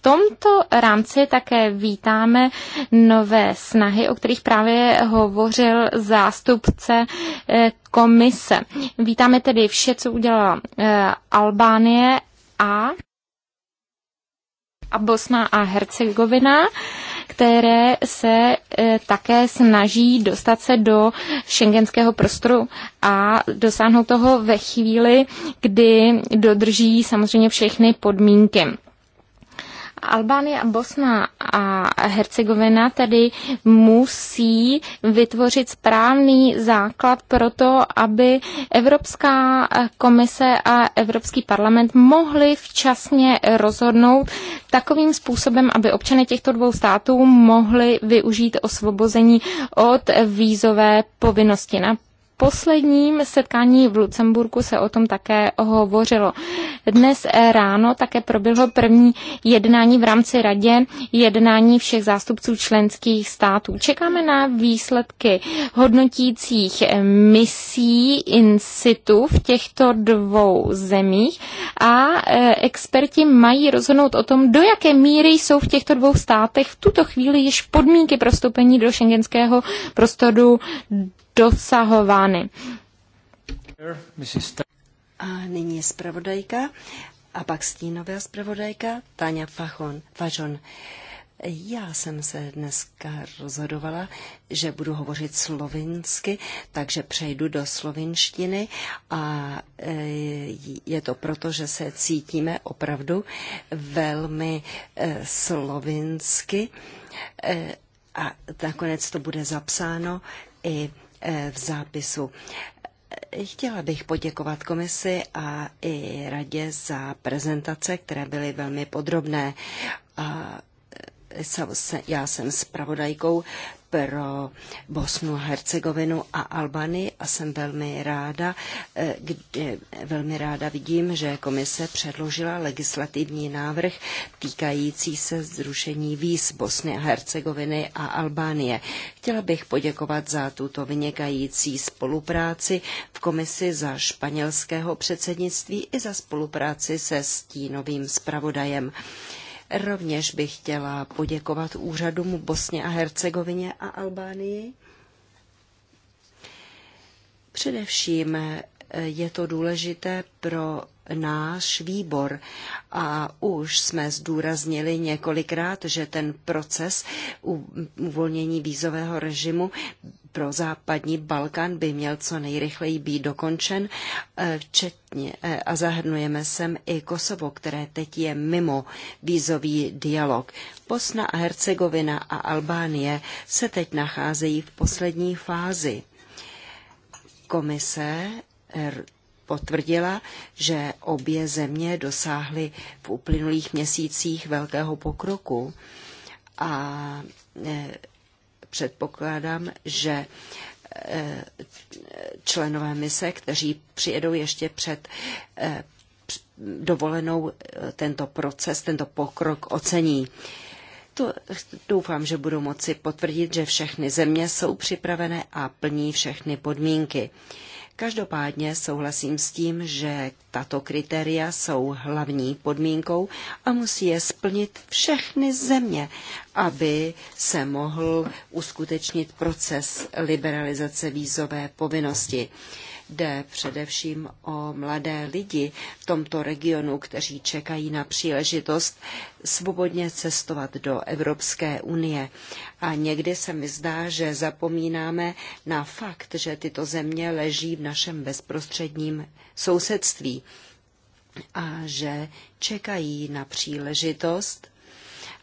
tomto rámci také vítáme nové snahy, o kterých právě hovořil zástupce eh, komise. Vítáme tedy vše, co udělala eh, Albánie a a Bosna a Hercegovina, které se eh, také snaží dostat se do šengenského prostoru a dosáhnout toho ve chvíli, kdy dodrží samozřejmě všechny podmínky. Albánie a Bosna a Hercegovina tedy musí vytvořit správný základ pro to, aby Evropská komise a Evropský parlament mohli včasně rozhodnout takovým způsobem, aby občany těchto dvou států mohli využít osvobození od vízové povinnosti. Na posledním setkání v Lucemburku se o tom také hovořilo. Dnes eh, ráno také proběhlo první jednání v rámci radě, jednání všech zástupců členských států. Čekáme na výsledky hodnotících eh, misí in situ v těchto dvou zemích a eh, experti mají rozhodnout o tom, do jaké míry jsou v těchto dvou státech v tuto chvíli již podmínky pro vstoupení do šengenského prostoru dosahovány. A nyní je zpravodajka a pak stínová zpravodajka Tania Fajon. Fajon. Já jsem se dneska rozhodovala, že budu hovořit slovinsky, takže přejdu do slovinštiny a e, je to proto, že se cítíme opravdu velmi e, slovinsky e, a nakonec to bude zapsáno i Eh, v zápisu. Eh, chtěla bych poděkovat komisi a i radě za prezentace, které byly velmi podrobné. A já jsem zpravodajkou pro Bosnu, Hercegovinu a Albany a jsem velmi ráda, eh, kde, velmi ráda vidím, že komise předložila legislativní návrh týkající se zrušení víz Bosny a Hercegoviny a Albánie. Chtěla bych poděkovat za tuto vynikající spolupráci v komisi za španělského předsednictví i za spolupráci se stínovým zpravodajem. Rovněž bych chtěla poděkovat úřadům Bosně a Hercegovině a Albánii. Především eh, je to důležité pro náš výbor. A už jsme zdůraznili několikrát, že ten proces uvolnění vízového režimu pro západní Balkán by měl co nejrychleji být dokončen, eh, včetně eh, a zahrnujeme sem i Kosovo, které teď je mimo vízový dialog. Bosna a Hercegovina a Albánie se teď nacházejí v poslední fázi. Komise eh, potvrdila, že obě země dosáhly v uplynulých měsících velkého pokroku a předpokládám, že eh, členové mise, kteří přijedou ještě před eh, dovolenou eh, tento proces, tento pokrok ocení. To doufám, že budu moci potvrdit, že všechny země jsou připravené a plní všechny podmínky. Každopádně souhlasím s tím, že tato kritéria jsou hlavní podmínkou a musí je splnit všechny země, aby se mohl uskutečnit proces liberalizace vízové povinnosti. Jde především o mladé lidi v tomto regionu, kteří čekají na příležitost svobodně cestovat do Evropské unie. A někdy se mi zdá, že zapomínáme na fakt, že tyto země leží v našem bezprostředním sousedství a že čekají na příležitost,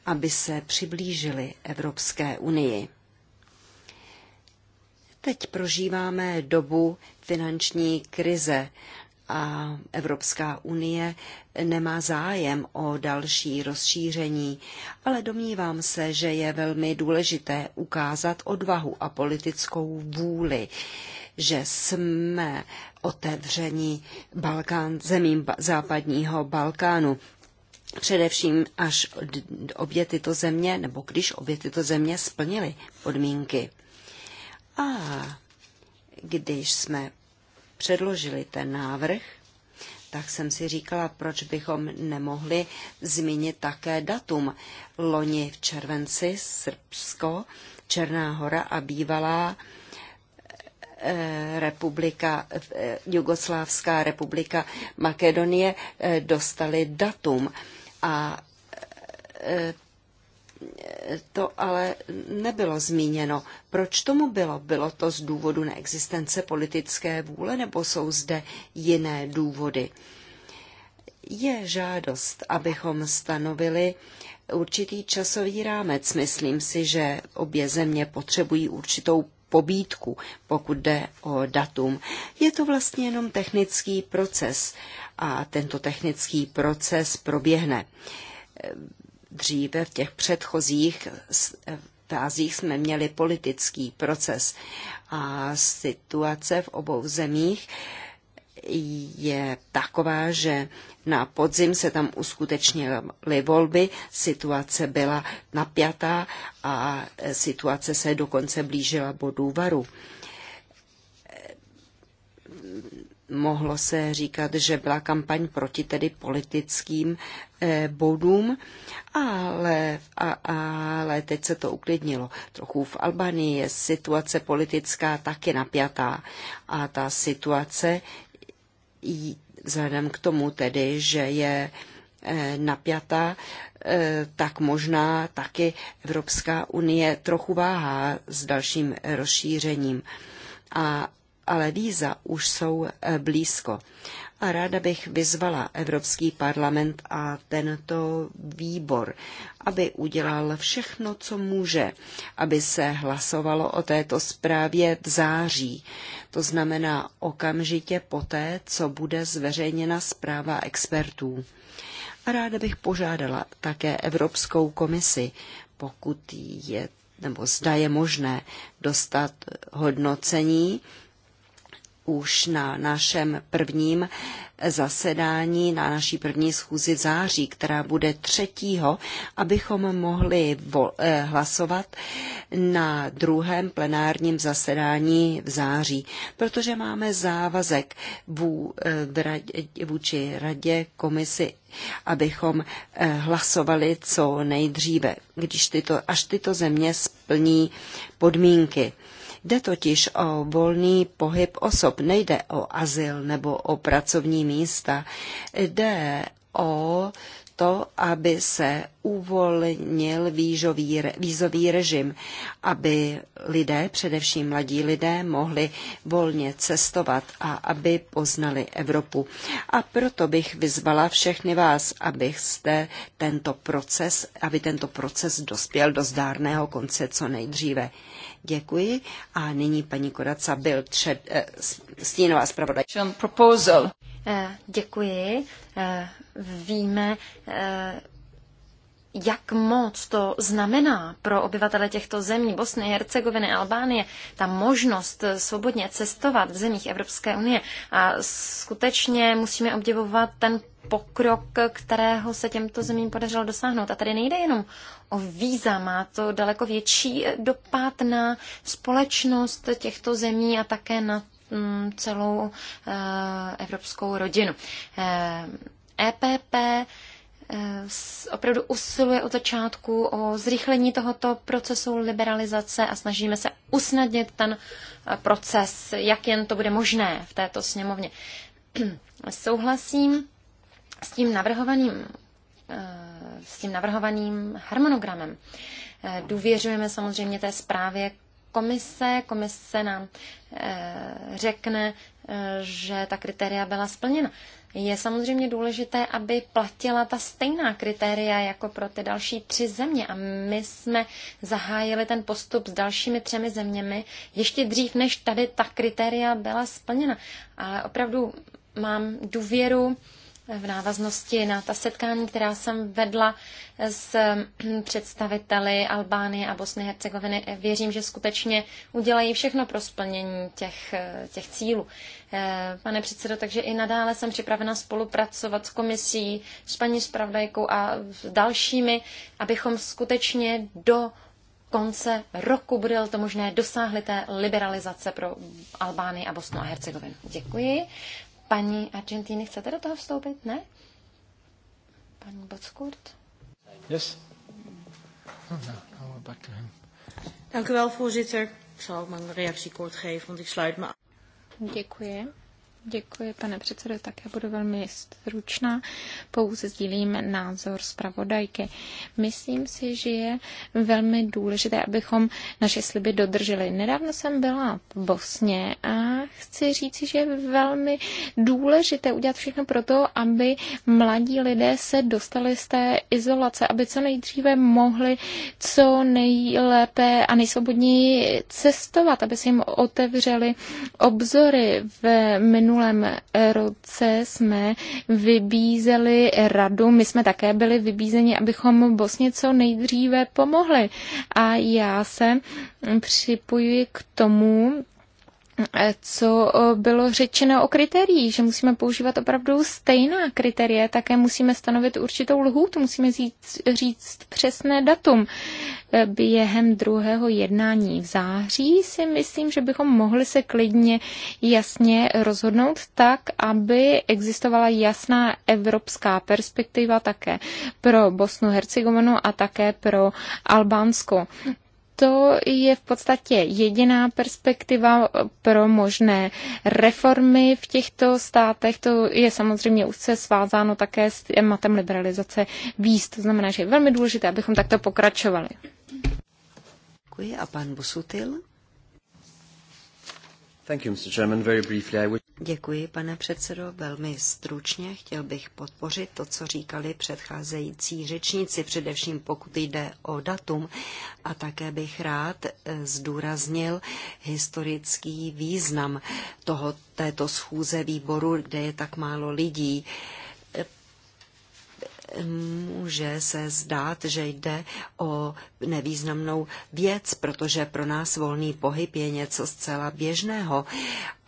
aby se přiblížili Evropské unii. Teď prožíváme dobu finanční krize a Evropská unie nemá zájem o další rozšíření, ale domnívám se, že je velmi důležité ukázat odvahu a politickou vůli, že jsme otevření Balkán, zemím západního Balkánu. Především až obě tyto země, nebo když obě tyto země splnily podmínky. A když jsme předložili ten návrh, tak jsem si říkala, proč bychom nemohli zmínit také datum. Loni v červenci Srbsko, Černá hora a bývalá eh, republika, eh, Jugoslávská republika Makedonie eh, dostali datum. A to ale nebylo zmíněno. Proč tomu bylo? Bylo to z důvodu neexistence politické vůle nebo jsou zde jiné důvody? Je žádost, abychom stanovili určitý časový rámec. Myslím si, že obě země potřebují určitou pobídku, pokud jde o datum. Je to vlastně jenom technický proces a tento technický proces proběhne Dříve v těch předchozích fázích jsme měli politický proces a situace v obou zemích je taková, že na podzim se tam uskutečnily volby, situace byla napjatá a situace se dokonce blížila bodu varu. mohlo se říkat, že byla kampaň proti tedy politickým eh, bodům, ale, a, ale teď se to uklidnilo. Trochu v Albanii je situace politická taky napjatá a ta situace vzhledem k tomu tedy, že je eh, napjatá, eh, tak možná taky Evropská unie trochu váhá s dalším rozšířením. A ale víza už jsou eh, blízko. A ráda bych vyzvala Evropský parlament a tento výbor, aby udělal všechno, co může, aby se hlasovalo o této zprávě v září. To znamená okamžitě poté, co bude zveřejněna zpráva expertů. A ráda bych požádala také Evropskou komisi, pokud je nebo zda je možné dostat hodnocení už na našem prvním zasedání, na naší první schůzi v září, která bude třetího, abychom mohli eh, hlasovat na druhém plenárním zasedání v září, protože máme závazek vů, eh, v radě, vůči radě, komisi, abychom eh, hlasovali co nejdříve, když tyto, až tyto země splní podmínky Jde totiž o volný pohyb osob, nejde o azyl nebo o pracovní místa, jde o to, aby se uvolnil výzový, režim, aby lidé, především mladí lidé, mohli volně cestovat a aby poznali Evropu. A proto bych vyzvala všechny vás, abyste tento proces, aby tento proces dospěl do zdárného konce co nejdříve. Děkuji. A nyní paní Koraca byl třed, eh, stínová zpravodajka. Eh, děkuji. Eh, víme, eh, jak moc to znamená pro obyvatele těchto zemí, Bosny, Hercegoviny, Albánie, ta možnost svobodně cestovat v zemích Evropské unie. A skutečně musíme obdivovat ten pokrok, kterého se těmto zemím podařilo dosáhnout. A tady nejde jenom o víza, má to daleko větší dopad na společnost těchto zemí a také na Mm, celou eh, evropskou rodinu. EPP eh, e eh, opravdu usiluje od začátku o zrychlení tohoto procesu liberalizace a snažíme se usnadnit ten proces, jak jen to bude možné v této sněmovně. (clears throat) Souhlasím s tím navrhovaným s tím navrhovaným harmonogramem. Důvěřujeme samozřejmě té zprávě komise. Komise nám eh, řekne, eh, že ta kritéria byla splněna. Je samozřejmě důležité, aby platila ta stejná kritéria jako pro ty další tři země. A my jsme zahájili ten postup s dalšími třemi zeměmi ještě dřív, než tady ta kritéria byla splněna. Ale opravdu mám důvěru v návaznosti na ta setkání, která jsem vedla s hm, představiteli Albánie a Bosny a Hercegoviny. Věřím, že skutečně udělají všechno pro splnění těch, eh, těch cílů. Eh, pane předsedo, takže i nadále jsem připravena spolupracovat s komisí, s paní spravdajkou a s dalšími, abychom skutečně do konce roku, bude to možné, dosáhli té liberalizace pro Albánii a Bosnu a Hercegovinu. Děkuji paní Argentíny, chcete do toho vstoupit? Ne? Paní Botskurt? Yes. Oh, no, Dank u wel, voorzitter. Ik zal mijn reactie kort geven, want ik sluit me aan. Děkuji. Děkuji, pane předsedo, tak já budu velmi stručná. Pouze sdílím názor zpravodajky. Myslím si, že je velmi důležité, abychom naše sliby dodrželi. Nedávno jsem byla v Bosně a chci říci, že je velmi důležité udělat všechno pro to, aby mladí lidé se dostali z té izolace, aby co nejdříve mohli co nejlépe a nejsvobodněji cestovat, aby se jim otevřeli obzory v minulosti minulém roce jsme vybízeli radu, my jsme také byli vybízeni, abychom Bosně co nejdříve pomohli. A já se připojuji k tomu, Eh, co eh, bylo řečeno o kritériích, že musíme používat opravdu stejná kritéria, také musíme stanovit určitou lhůtu, musíme říct, říct přesné datum. Eh, během druhého jednání v září si myslím, že bychom mohli se klidně jasně rozhodnout tak, aby existovala jasná evropská perspektiva také pro Bosnu Hercegovinu a také pro Albánsko to je v podstatě jediná perspektiva pro možné reformy v těchto státech. To je samozřejmě úzce svázáno také s tématem liberalizace výst. To znamená, že je velmi důležité, abychom takto pokračovali. Děkuji. A pan Busutil? Thank you, Mr. Chairman. Very briefly, I would... Děkuji, pane předsedo. Velmi stručně chtěl bych podpořit to, co říkali předcházející řečníci, především pokud jde o datum. A také bych rád eh, zdůraznil historický význam toho, této schůze výboru, kde je tak málo lidí může se zdát, že jde o nevýznamnou věc, protože pro nás volný pohyb je něco zcela běžného,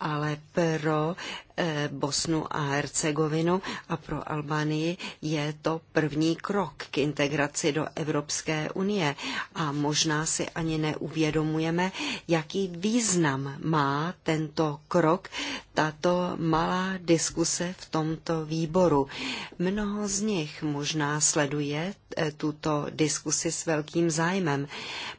ale pro Eh, Bosnu a Hercegovinu a pro Albánii je to první krok k integraci do Evropské unie a možná si ani neuvědomujeme, jaký význam má tento krok, tato malá diskuse v tomto výboru. Mnoho z nich možná sleduje eh, tuto diskusi s velkým zájmem,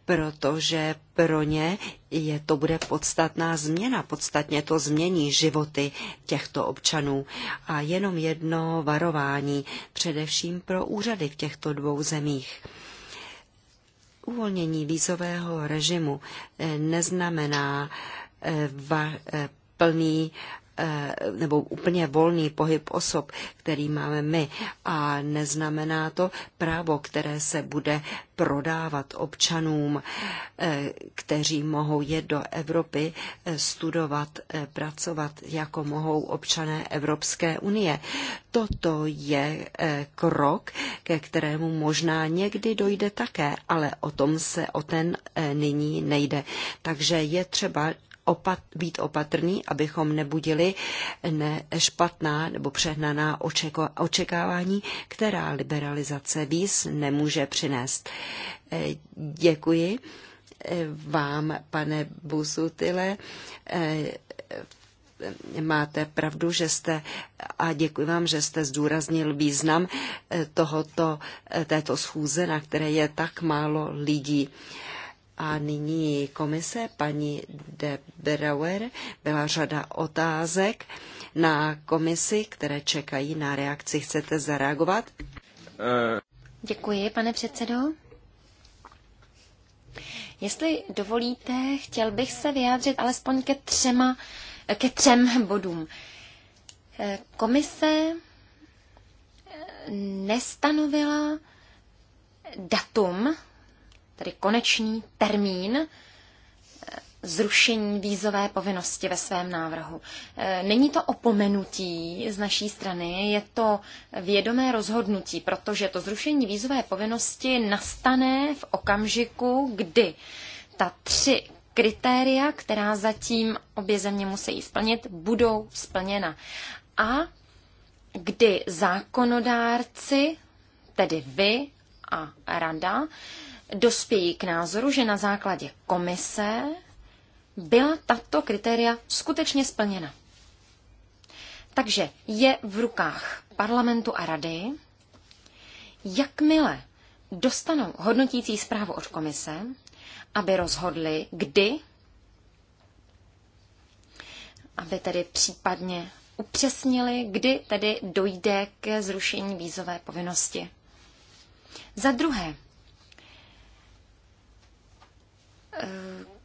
protože pro ně je, to bude podstatná změna. Podstatně to změní životy těchto občanů. A jenom jedno varování, především pro úřady v těchto dvou zemích. Uvolnění vízového režimu eh, neznamená eh, eh, plný Eh, nebo úplně volný pohyb osob, který máme my. A neznamená to právo, které se bude prodávat občanům, eh, kteří mohou jet do Evropy, eh, studovat, pracovat, jako mohou občané Evropské unie. Toto je krok, ke kterému možná někdy dojde také, ale o tom se o ten nyní nejde. Takže je třeba opat, být opatrný, abychom nebudili ne, špatná nebo přehnaná očeko, očekávání, která liberalizace víz nemůže přinést. Eh, děkuji eh, vám, pane Busutile eh, máte pravdu, že jste a děkuji vám, že jste zdůraznil význam tohoto, této schůze, na které je tak málo lidí. A nyní komise paní de Brauer byla řada otázek na komisi, které čekají na reakci. Chcete zareagovat? Děkuji, pane předsedo. Jestli dovolíte, chtěl bych se vyjádřit alespoň ke, třema, ke třem bodům. Komise nestanovila datum tedy konečný termín eh, zrušení vízové povinnosti ve svém návrhu. Eh, není to opomenutí z naší strany, je to vědomé rozhodnutí, protože to zrušení vízové povinnosti nastane v okamžiku, kdy ta tři kritéria, která zatím obě země musí splnit, budou splněna. A kdy zákonodárci, tedy vy a rada, dospějí k názoru, že na základě komise byla tato kritéria skutečně splněna. Takže je v rukách parlamentu a rady, jakmile dostanou hodnotící zprávu od komise, aby rozhodli, kdy, aby tedy případně upřesnili, kdy tedy dojde ke zrušení vízové povinnosti. Za druhé,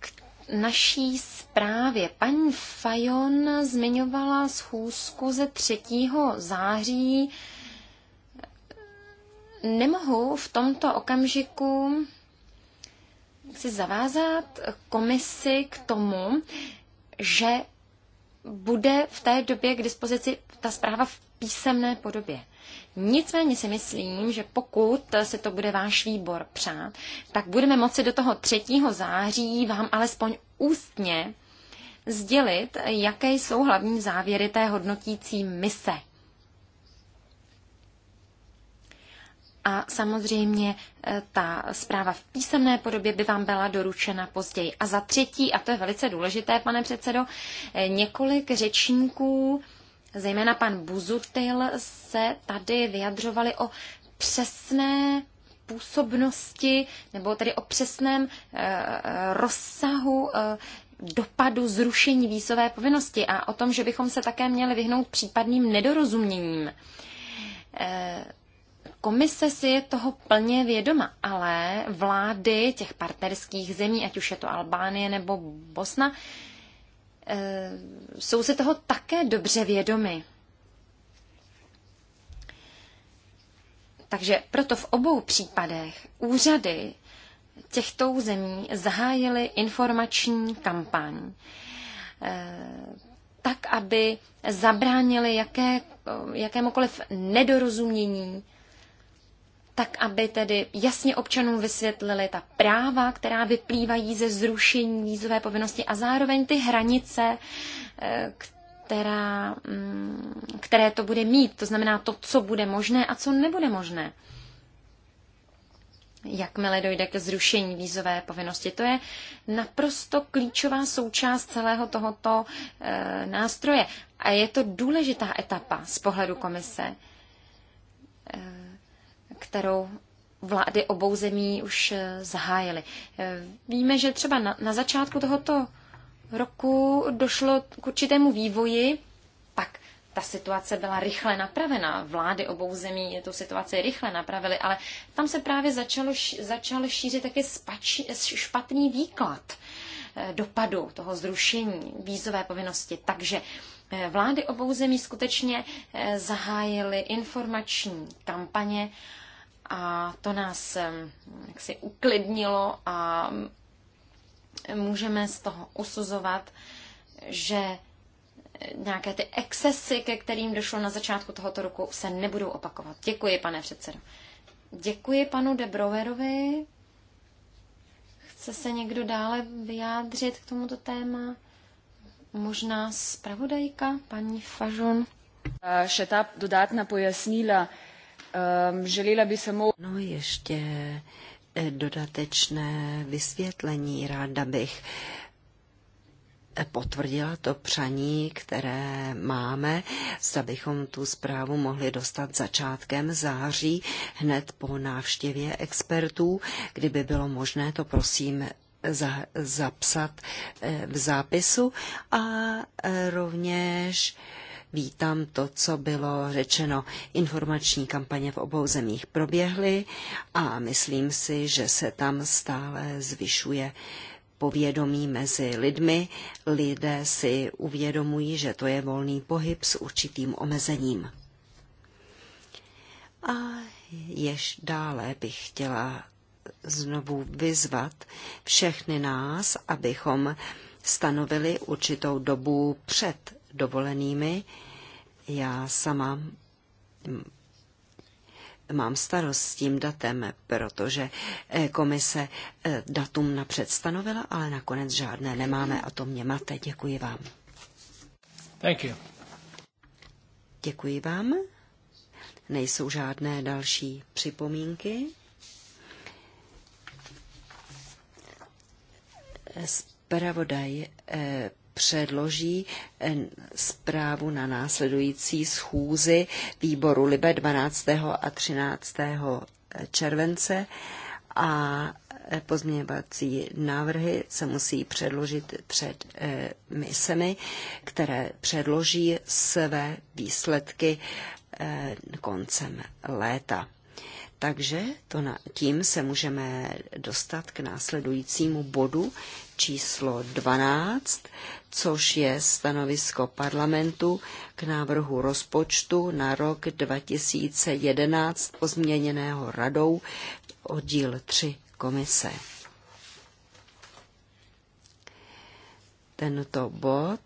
k naší zprávě. Paní Fajon zmiňovala schůzku ze 3. září. Nemohu v tomto okamžiku si zavázat komisi k tomu, že bude v té době k dispozici ta zpráva v písemné podobě. Nicméně si myslím, že pokud se to bude váš výbor přát, tak budeme moci do toho 3. září vám alespoň ústně sdělit, jaké jsou hlavní závěry té hodnotící mise. A samozřejmě eh, ta zpráva v písemné podobě by vám byla doručena později. A za třetí, a to je velice důležité, pane předsedo, eh, několik řečníků zejména pan Buzutil, se tady vyjadřovali o přesné působnosti nebo tedy o přesném eh, rozsahu eh, dopadu zrušení výsové povinnosti a o tom, že bychom se také měli vyhnout případným nedorozuměním. Eh, komise si je toho plně vědoma, ale vlády těch partnerských zemí, ať už je to Albánie nebo Bosna, Eh, jsou si toho také dobře vědomi. Takže proto v obou případech úřady těchto zemí zahájily informační kampaň, eh, tak aby zabránili jaké, eh, jakémukoliv nedorozumění tak aby tedy jasně občanům vysvětlili ta práva, která vyplývají ze zrušení vízové povinnosti a zároveň ty hranice, eh, která, mm, které to bude mít, to znamená to, co bude možné a co nebude možné. Jakmile dojde ke zrušení vízové povinnosti, to je naprosto klíčová součást celého tohoto eh, nástroje. A je to důležitá etapa z pohledu komise. Eh, kterou vlády obou zemí už eh, zahájily. Eh, víme, že třeba na, na začátku tohoto roku došlo k určitému vývoji, pak ta situace byla rychle napravena. Vlády obou zemí tu situaci rychle napravily, ale tam se právě začalo, začal šířit taky spači, špatný výklad eh, dopadu toho zrušení vízové povinnosti. Takže vlády obou zemí skutečně zahájily informační kampaně a to nás jaksi uklidnilo a můžeme z toho usuzovat, že eh, nějaké ty excesy, ke kterým došlo na začátku tohoto roku, se nebudou opakovat. Děkuji, pane předsedo. Děkuji panu Debroverovi. Chce se někdo dále vyjádřit k tomuto téma? Možná zpravodajka, paní Fažon. Eh, Šetá ta dodatna pojasnila Um, ehm, želila by No ještě eh, dodatečné vysvětlení ráda bych eh, potvrdila to přání, které máme, zda bychom tu zprávu mohli dostat začátkem září, hned po návštěvě expertů. Kdyby bylo možné, to prosím za, zapsat eh, v zápisu a rovněž Vítám to, co bylo řečeno. Informační kampaně v obou zemích proběhly a myslím si, že se tam stále zvyšuje povědomí mezi lidmi. Lidé si uvědomují, že to je volný pohyb s určitým omezením. A jež dále bych chtěla znovu vyzvat všechny nás, abychom stanovili určitou dobu před dovolenými, já sama mám starost s tím datem, protože eh, komise eh, datum napřed stanovila, ale nakonec žádné nemáme a to mě máte. Děkuji vám. Thank you. Děkuji vám. Nejsou žádné další připomínky. Spravodaj eh, předloží eh, zprávu na následující schůzi výboru Libe 12. a 13. července a eh, pozměňovací návrhy se musí předložit před eh, misemi, které předloží své výsledky koncem léta. Takže to na, tím se můžeme dostat k následujícímu bodu číslo 12, což je stanovisko parlamentu k návrhu rozpočtu na rok 2011 pozměněného radou oddíl 3 komise. Tento bod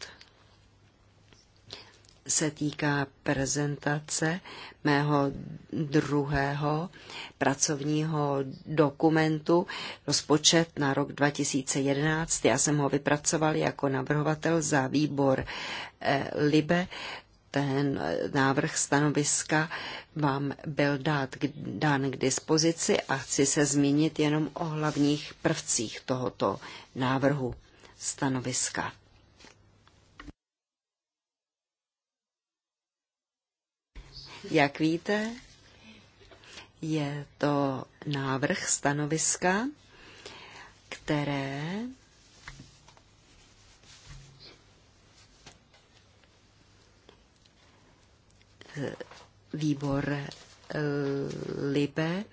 se týká prezentace mého druhého pracovního dokumentu rozpočet na rok 2011. Já jsem ho vypracoval jako navrhovatel za výbor eh, LIBE. Ten eh, návrh stanoviska vám byl dát, dán k dispozici a chci se zmínit jenom o hlavních prvcích tohoto návrhu stanoviska. Jak víte, je to návrh stanoviska, které výbor eh, LIBE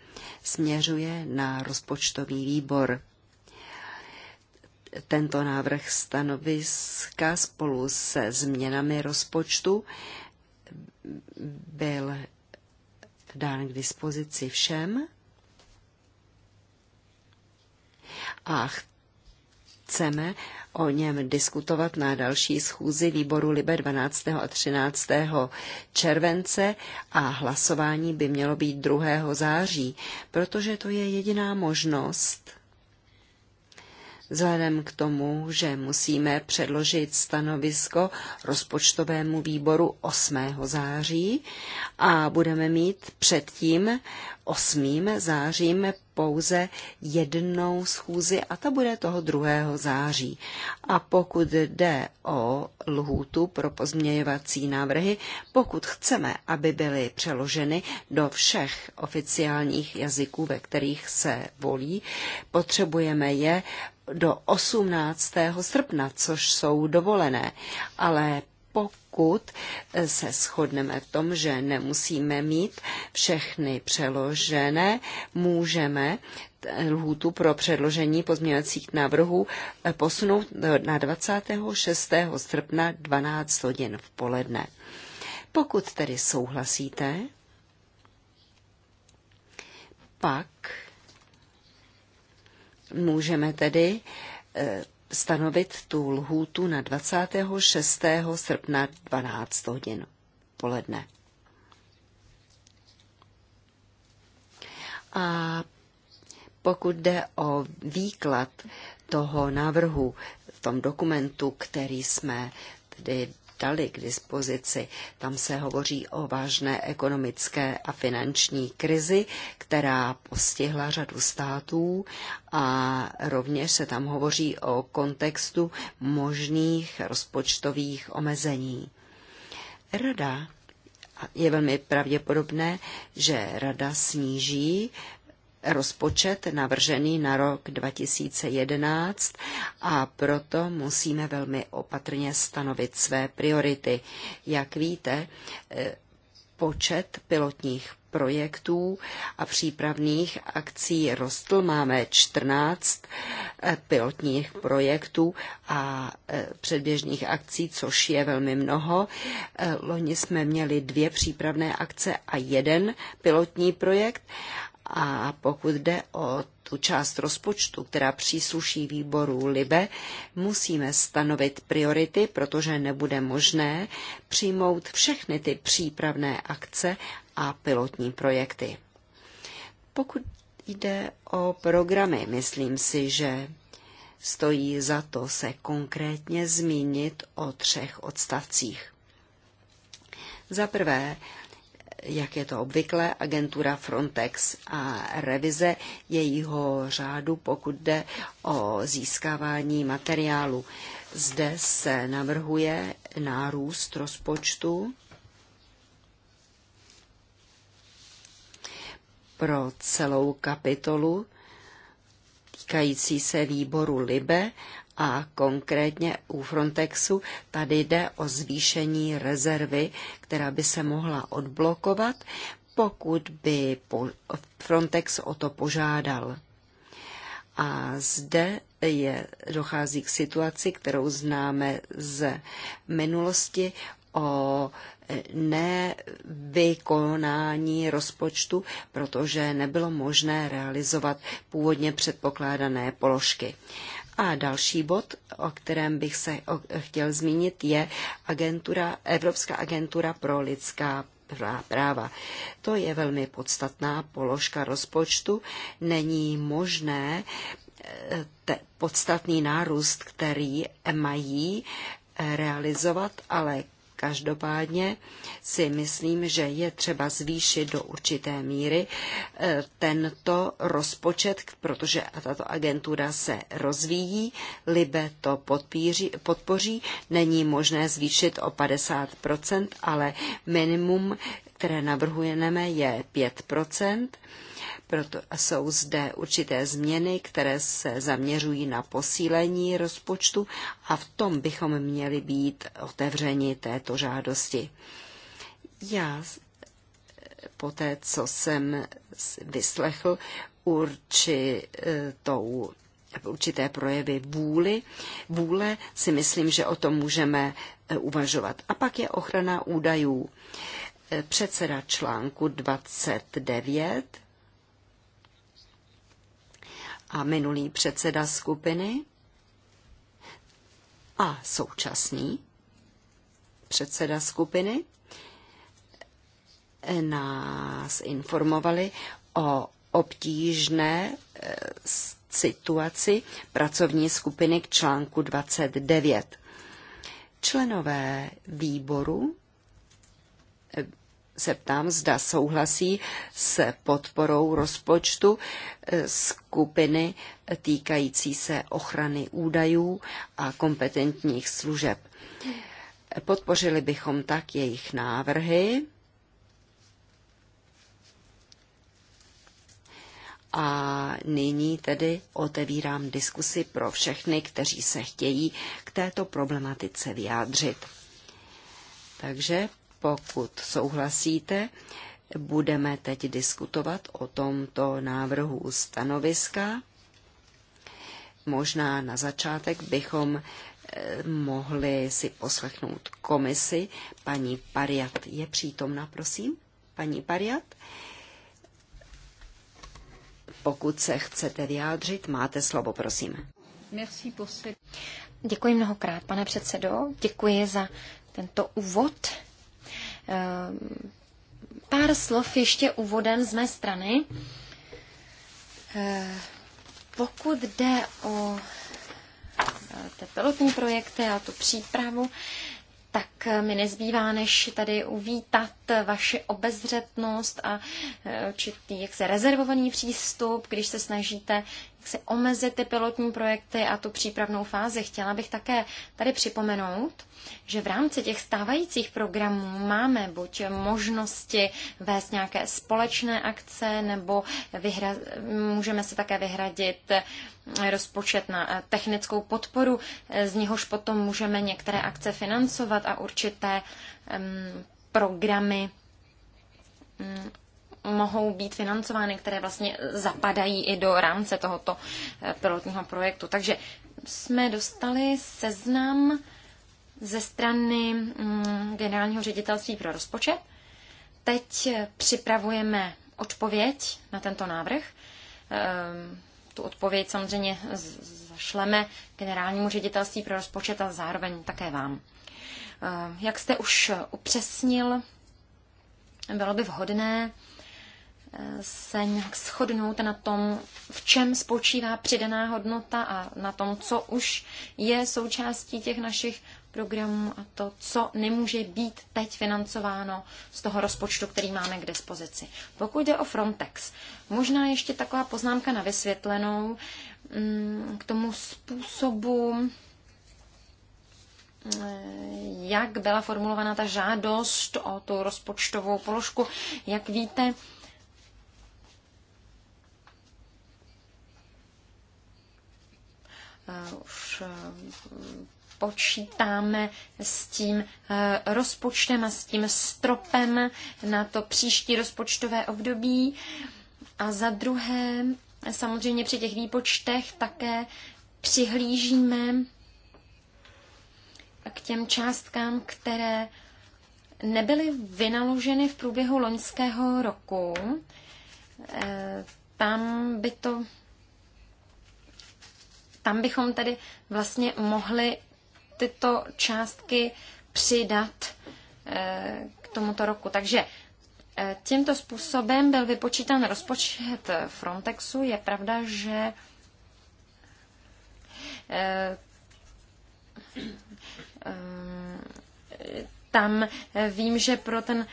směřuje na rozpočtový výbor. Tento návrh stanoviska spolu se změnami rozpočtu byl dán k dispozici všem a chceme o něm diskutovat na další schůzi výboru Libe 12. a 13. července a hlasování by mělo být 2. září, protože to je jediná možnost, Vzhledem k tomu, že musíme předložit stanovisko rozpočtovému výboru 8. září a budeme mít předtím 8. zářím pouze jednou schůzi a ta bude toho 2. září. A pokud jde o lhůtu pro pozměňovací návrhy, pokud chceme, aby byly přeloženy do všech oficiálních jazyků, ve kterých se volí, potřebujeme je do 18. srpna, což jsou dovolené, ale pokud se shodneme v tom, že nemusíme mít všechny přeložené, můžeme lhůtu pro předložení pozměňovacích návrhů posunout na 26. srpna 12 hodin v poledne. Pokud tedy souhlasíte, pak Můžeme tedy eh, stanovit tu lhůtu na 26. srpna 12 hodin poledne. A pokud jde o výklad toho návrhu v tom dokumentu, který jsme tedy dali k dispozici. Tam se hovoří o vážné ekonomické a finanční krizi, která postihla řadu států a rovněž se tam hovoří o kontextu možných rozpočtových omezení. Rada je velmi pravděpodobné, že rada sníží rozpočet navržený na rok 2011 a proto musíme velmi opatrně stanovit své priority. Jak víte, eh, počet pilotních projektů a přípravných akcí rostl. Máme 14 eh, pilotních projektů a eh, předběžných akcí, což je velmi mnoho. Loni jsme měli dvě přípravné akce a jeden pilotní projekt a pokud jde o tu část rozpočtu, která přísluší výboru LIBE, musíme stanovit priority, protože nebude možné přijmout všechny ty přípravné akce a pilotní projekty. Pokud jde o programy, myslím si, že stojí za to se konkrétně zmínit o třech odstavcích. Za prvé, jak je to obvykle, agentura Frontex a revize jejího řádu, pokud jde o získávání materiálu. Zde se navrhuje nárůst rozpočtu pro celou kapitolu týkající se výboru LIBE a konkrétně u Frontexu tady jde o zvýšení rezervy, která by se mohla odblokovat, pokud by Frontex o to požádal. A zde je, dochází k situaci, kterou známe z minulosti o e, nevykonání rozpočtu, protože nebylo možné realizovat původně předpokládané položky. A další bod, o kterém bych se chtěl zmínit, je agentura, Evropská agentura pro lidská práva. To je velmi podstatná položka rozpočtu. Není možné eh, te, podstatný nárůst, který mají eh, realizovat, ale Každopádně si myslím, že je třeba zvýšit do určité míry eh, tento rozpočet, protože tato agentura se rozvíjí, Libe to podpíří, podpoří, není možné zvýšit o 50 ale minimum, které navrhujeme, je 5 proto jsou zde určité změny, které se zaměřují na posílení rozpočtu a v tom bychom měli být otevřeni této žádosti. Já po té, co jsem vyslechl určitou určité projevy vůli, vůle, si myslím, že o tom můžeme e, uvažovat. A pak je ochrana údajů. E, předseda článku 29 a minulý předseda skupiny a současný předseda skupiny nás informovali o obtížné eh, situaci pracovní skupiny k článku 29. Členové výboru se ptám, zda souhlasí s podporou rozpočtu eh, skupiny týkající se ochrany údajů a kompetentních služeb. Podpořili bychom tak jejich návrhy a nyní tedy otevírám diskusi pro všechny, kteří se chtějí k této problematice vyjádřit. Takže pokud souhlasíte, budeme teď diskutovat o tomto návrhu stanoviska. Možná na začátek bychom eh, mohli si poslechnout komisi. Paní Pariat je přítomna, prosím. Paní Pariat, pokud se chcete vyjádřit, máte slovo, prosím. Děkuji mnohokrát, pane předsedo. Děkuji za tento úvod Ehm, pár slov ještě úvodem z mé strany. Ehm, pokud jde o eh, ty pilotní projekty a tu přípravu, tak eh, mi nezbývá, než tady uvítat vaši obezřetnost a eh, určitý jaksi rezervovaný přístup, když se snažíte si omezit ty pilotní projekty a tu přípravnou fázi. Chtěla bych také tady připomenout, že v rámci těch stávajících programů máme buď možnosti vést nějaké společné akce, nebo vyhra- můžeme si také vyhradit eh, rozpočet na eh, technickou podporu, eh, z něhož potom můžeme některé akce financovat a určité um, programy mm, mohou být financovány, které vlastně zapadají i do rámce tohoto eh, pilotního projektu. Takže jsme dostali seznam ze strany mm, generálního ředitelství pro rozpočet. Teď eh, připravujeme odpověď na tento návrh. Ehm, tu odpověď samozřejmě zašleme generálnímu ředitelství pro rozpočet a zároveň také vám. Ehm, jak jste už upřesnil, bylo by vhodné se nějak shodnout na tom, v čem spočívá přidaná hodnota a na tom, co už je součástí těch našich programů a to, co nemůže být teď financováno z toho rozpočtu, který máme k dispozici. Pokud jde o Frontex, možná ještě taková poznámka na vysvětlenou mm, k tomu způsobu, eh, jak byla formulovaná ta žádost o tu rozpočtovou položku. Jak víte, Eh, už eh, počítáme s tím eh, rozpočtem a s tím stropem na to příští rozpočtové období. A za druhé, samozřejmě při těch výpočtech také přihlížíme k těm částkám, které nebyly vynaloženy v průběhu loňského roku. Tam by to tam bychom tedy vlastně mohli tyto částky přidat eh, k tomuto roku. Takže eh, tímto způsobem byl vypočítán rozpočet Frontexu. Je pravda, že eh, tam vím, že pro ten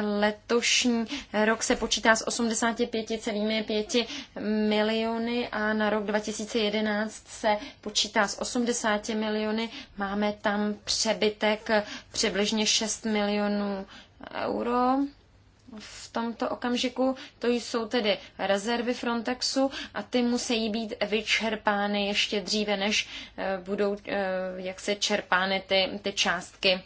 letošní rok se počítá s 85,5 miliony a na rok 2011 se počítá s 80 miliony. Máme tam přebytek přibližně 6 milionů euro v tomto okamžiku, to jsou tedy rezervy Frontexu a ty musí být vyčerpány ještě dříve, než eh, budou eh, jak se čerpány ty, ty částky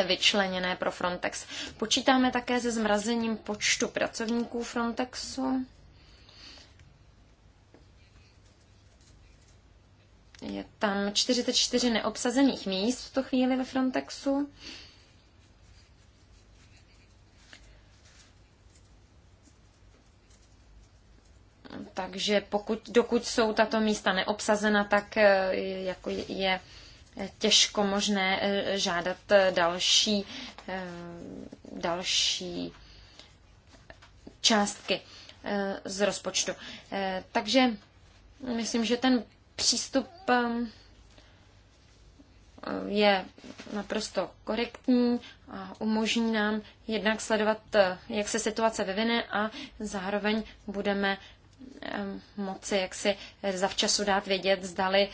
vyčleněné pro Frontex. Počítáme také se zmrazením počtu pracovníků Frontexu. Je tam 44 neobsazených míst v tu chvíli ve Frontexu. Takže pokud, dokud jsou tato místa neobsazena, tak eh, jako je, je těžko možné eh, žádat eh, další, eh, další částky z rozpočtu. Takže myslím, že ten přístup je naprosto korektní a umožní nám jednak sledovat, jak se situace vyvine a zároveň budeme moci jaksi zavčasu dát vědět, zdali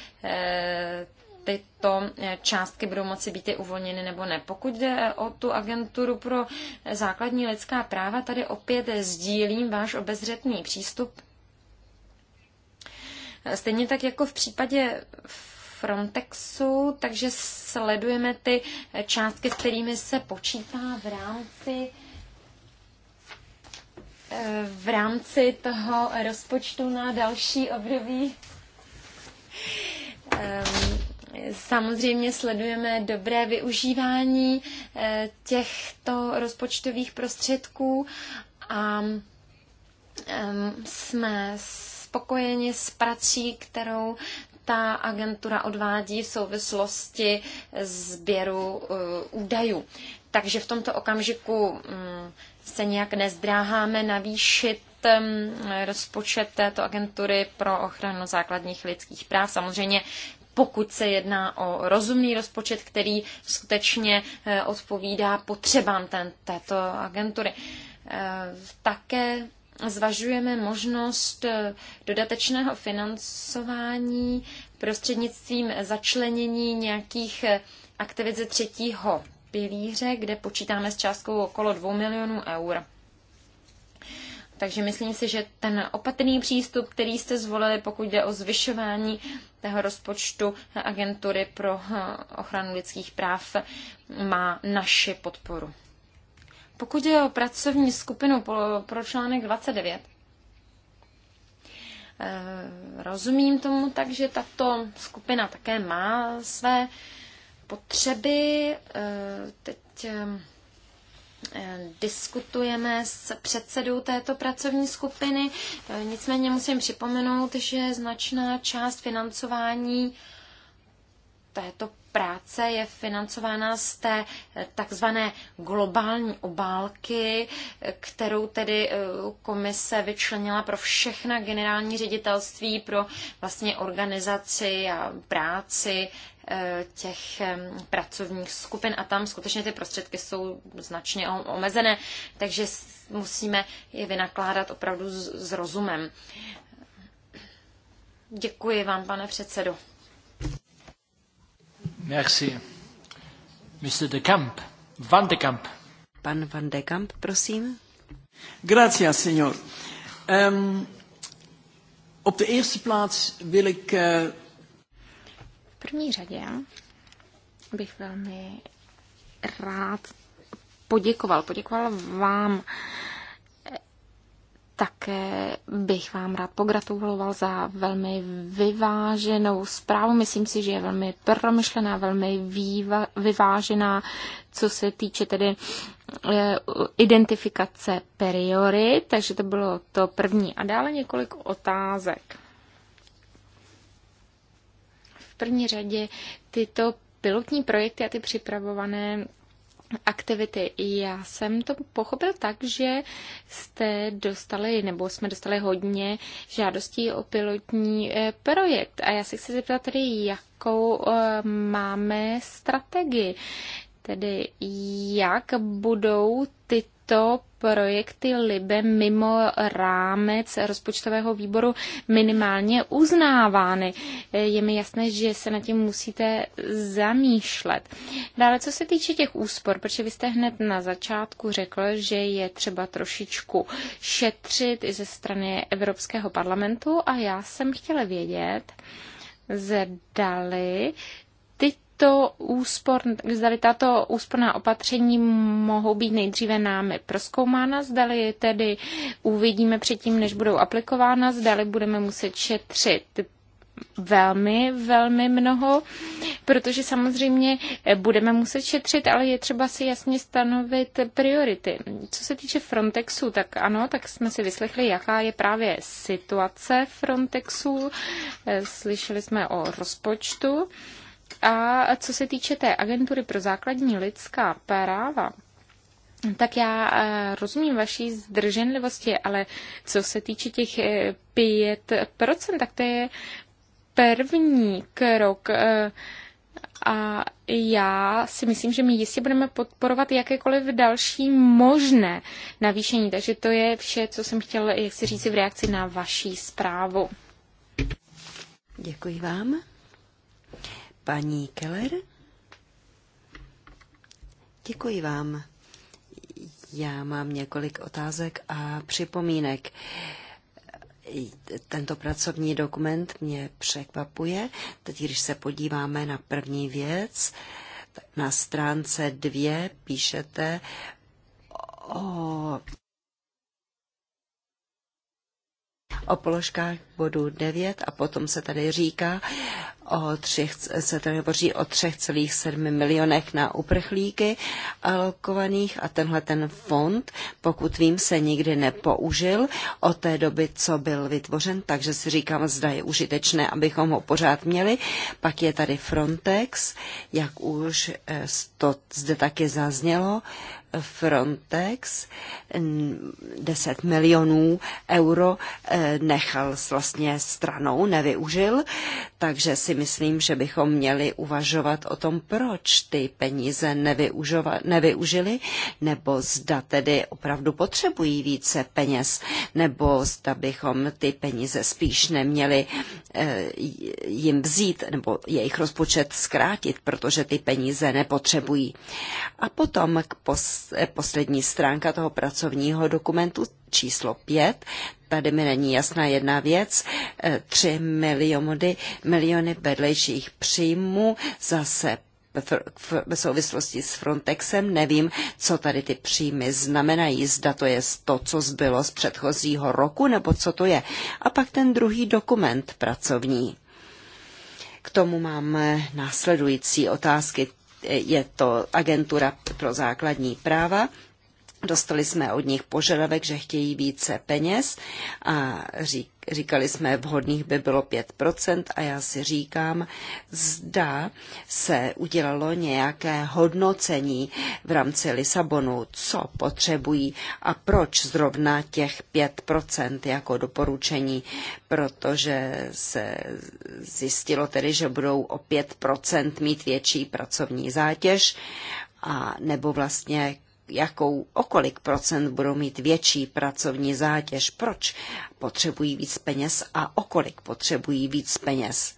tyto eh, částky budou moci být i uvolněny nebo ne. Pokud jde eh, o tu agenturu pro eh, základní lidská práva, tady opět sdílím váš obezřetný přístup. Stejně tak jako v případě Frontexu, takže sledujeme ty částky, s kterými se počítá v rámci v rámci toho rozpočtu na další období. (laughs) Ehm, Samozřejmě sledujeme dobré využívání eh, těchto rozpočtových prostředků a jsme spokojeni s prací, kterou ta agentura odvádí v souvislosti sběru eh, údajů. Takže v tomto okamžiku mm, se nějak nezdráháme navýšit rozpočet této agentury pro ochranu základních lidských práv. Samozřejmě pokud se jedná o rozumný rozpočet, který skutečně eh, odpovídá potřebám ten, této agentury. Eh, také zvažujeme možnost eh, dodatečného financování prostřednictvím začlenění nějakých aktivit ze třetího pilíře, kde počítáme s částkou okolo 2 milionů eur. Takže myslím si, že ten opatrný přístup, který jste zvolili, pokud jde o zvyšování tého rozpočtu agentury pro eh, ochranu lidských práv, má naši podporu. Pokud je o pracovní skupinu pro článek 29, eh, rozumím tomu tak, že tato skupina také má své potřeby. Eh, teď Eh, diskutujeme s předsedou této pracovní skupiny. Eh, nicméně musím připomenout, že značná část financování této práce je financována z té eh, takzvané globální obálky, kterou tedy eh, komise vyčlenila pro všechna generální ředitelství, pro vlastně organizaci a práci eh, těch pracovních skupin a tam skutečně ty prostředky jsou značně omezené, takže musíme je vynakládat opravdu s rozumem. Děkuji vám, pane předsedo. Merci. Mr. de Camp. Van de Camp. Pan Van de Camp, prosím. Gracias, senor. Um, ehm, op de eerste plaats wil ik... Uh... V první řadě bych velmi rád poděkoval. Poděkoval vám také bych vám rád pogratuloval za velmi vyváženou zprávu. Myslím si, že je velmi promyšlená, velmi výva, vyvážená, co se týče tedy eh, identifikace periory, takže to bylo to první. A dále několik otázek. V první řadě tyto pilotní projekty a ty připravované aktivity. Já jsem to pochopil tak, že jste dostali, nebo jsme dostali hodně žádostí o pilotní eh, projekt. A já se chci zeptat tedy, jakou eh, máme strategii. Tedy jak budou tyto tyto projekty LIBE mimo rámec rozpočtového výboru minimálně uznávány. Je mi jasné, že se nad tím musíte zamýšlet. Dále, co se týče těch úspor, protože vy jste hned na začátku řekl, že je třeba trošičku šetřit i ze strany Evropského parlamentu a já jsem chtěla vědět, zdali tyto úspor, zdali tato úsporná opatření mohou být nejdříve námi proskoumána, zdali tedy uvidíme předtím, než budou aplikována, zdali budeme muset šetřit velmi, velmi mnoho, protože samozřejmě budeme muset šetřit, ale je třeba si jasně stanovit priority. Co se týče Frontexu, tak ano, tak jsme si vyslechli, jaká je právě situace Frontexu. Slyšeli jsme o rozpočtu. A co se týče té agentury pro základní lidská práva, tak já eh, rozumím vaší zdrženlivosti, ale co se týče těch 5%, eh, tak to je první krok. Eh, a já si myslím, že my jistě budeme podporovat jakékoliv další možné navýšení. Takže to je vše, co jsem chtěl, jak si říct v reakci na vaší zprávu. Děkuji vám. Paní Keller? Děkuji vám. Já mám několik otázek a připomínek. Tento pracovní dokument mě překvapuje. Teď, když se podíváme na první věc, na stránce dvě píšete o o položkách bodu 9 a potom se tady říká, o třech, se tady hovoří o 3,7 milionech na uprchlíky alokovaných a tenhle ten fond, pokud vím, se nikdy nepoužil od té doby, co byl vytvořen, takže si říkám, zda je užitečné, abychom ho pořád měli. Pak je tady Frontex, jak už eh, to zde taky zaznělo, Frontex 10 milionů euro eh, nechal vlastně stranou, nevyužil, takže si myslím, že bychom měli uvažovat o tom, proč ty peníze nevyužili, nebo zda tedy opravdu potřebují více peněz, nebo zda bychom ty peníze spíš neměli eh, jim vzít, nebo jejich rozpočet zkrátit, protože ty peníze nepotřebují. A potom k pos poslední stránka toho pracovního dokumentu číslo 5. Tady mi není jasná jedna věc. 3 e, miliony, miliony vedlejších příjmů zase v souvislosti s Frontexem. Nevím, co tady ty příjmy znamenají. Zda to je to, co zbylo z předchozího roku, nebo co to je. A pak ten druhý dokument pracovní. K tomu mám následující otázky je to agentura pro základní práva. Dostali jsme od nich požadavek, že chtějí více peněz a řík, Říkali jsme, vhodných by bylo 5% a já si říkám, zda se udělalo nějaké hodnocení v rámci Lisabonu, co potřebují a proč zrovna těch 5% jako doporučení, protože se zjistilo tedy, že budou o 5% mít větší pracovní zátěž a nebo vlastně jakou, okolik procent budou mít větší pracovní zátěž, proč potřebují víc peněz a okolik potřebují víc peněz.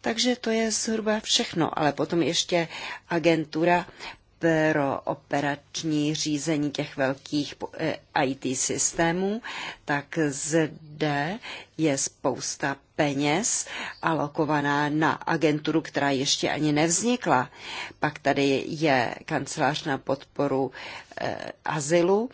Takže to je zhruba všechno, ale potom ještě agentura interoperační řízení těch velkých eh, IT systémů, tak zde je spousta peněz alokovaná na agenturu, která ještě ani nevznikla. Pak tady je kancelář na podporu e, azylu,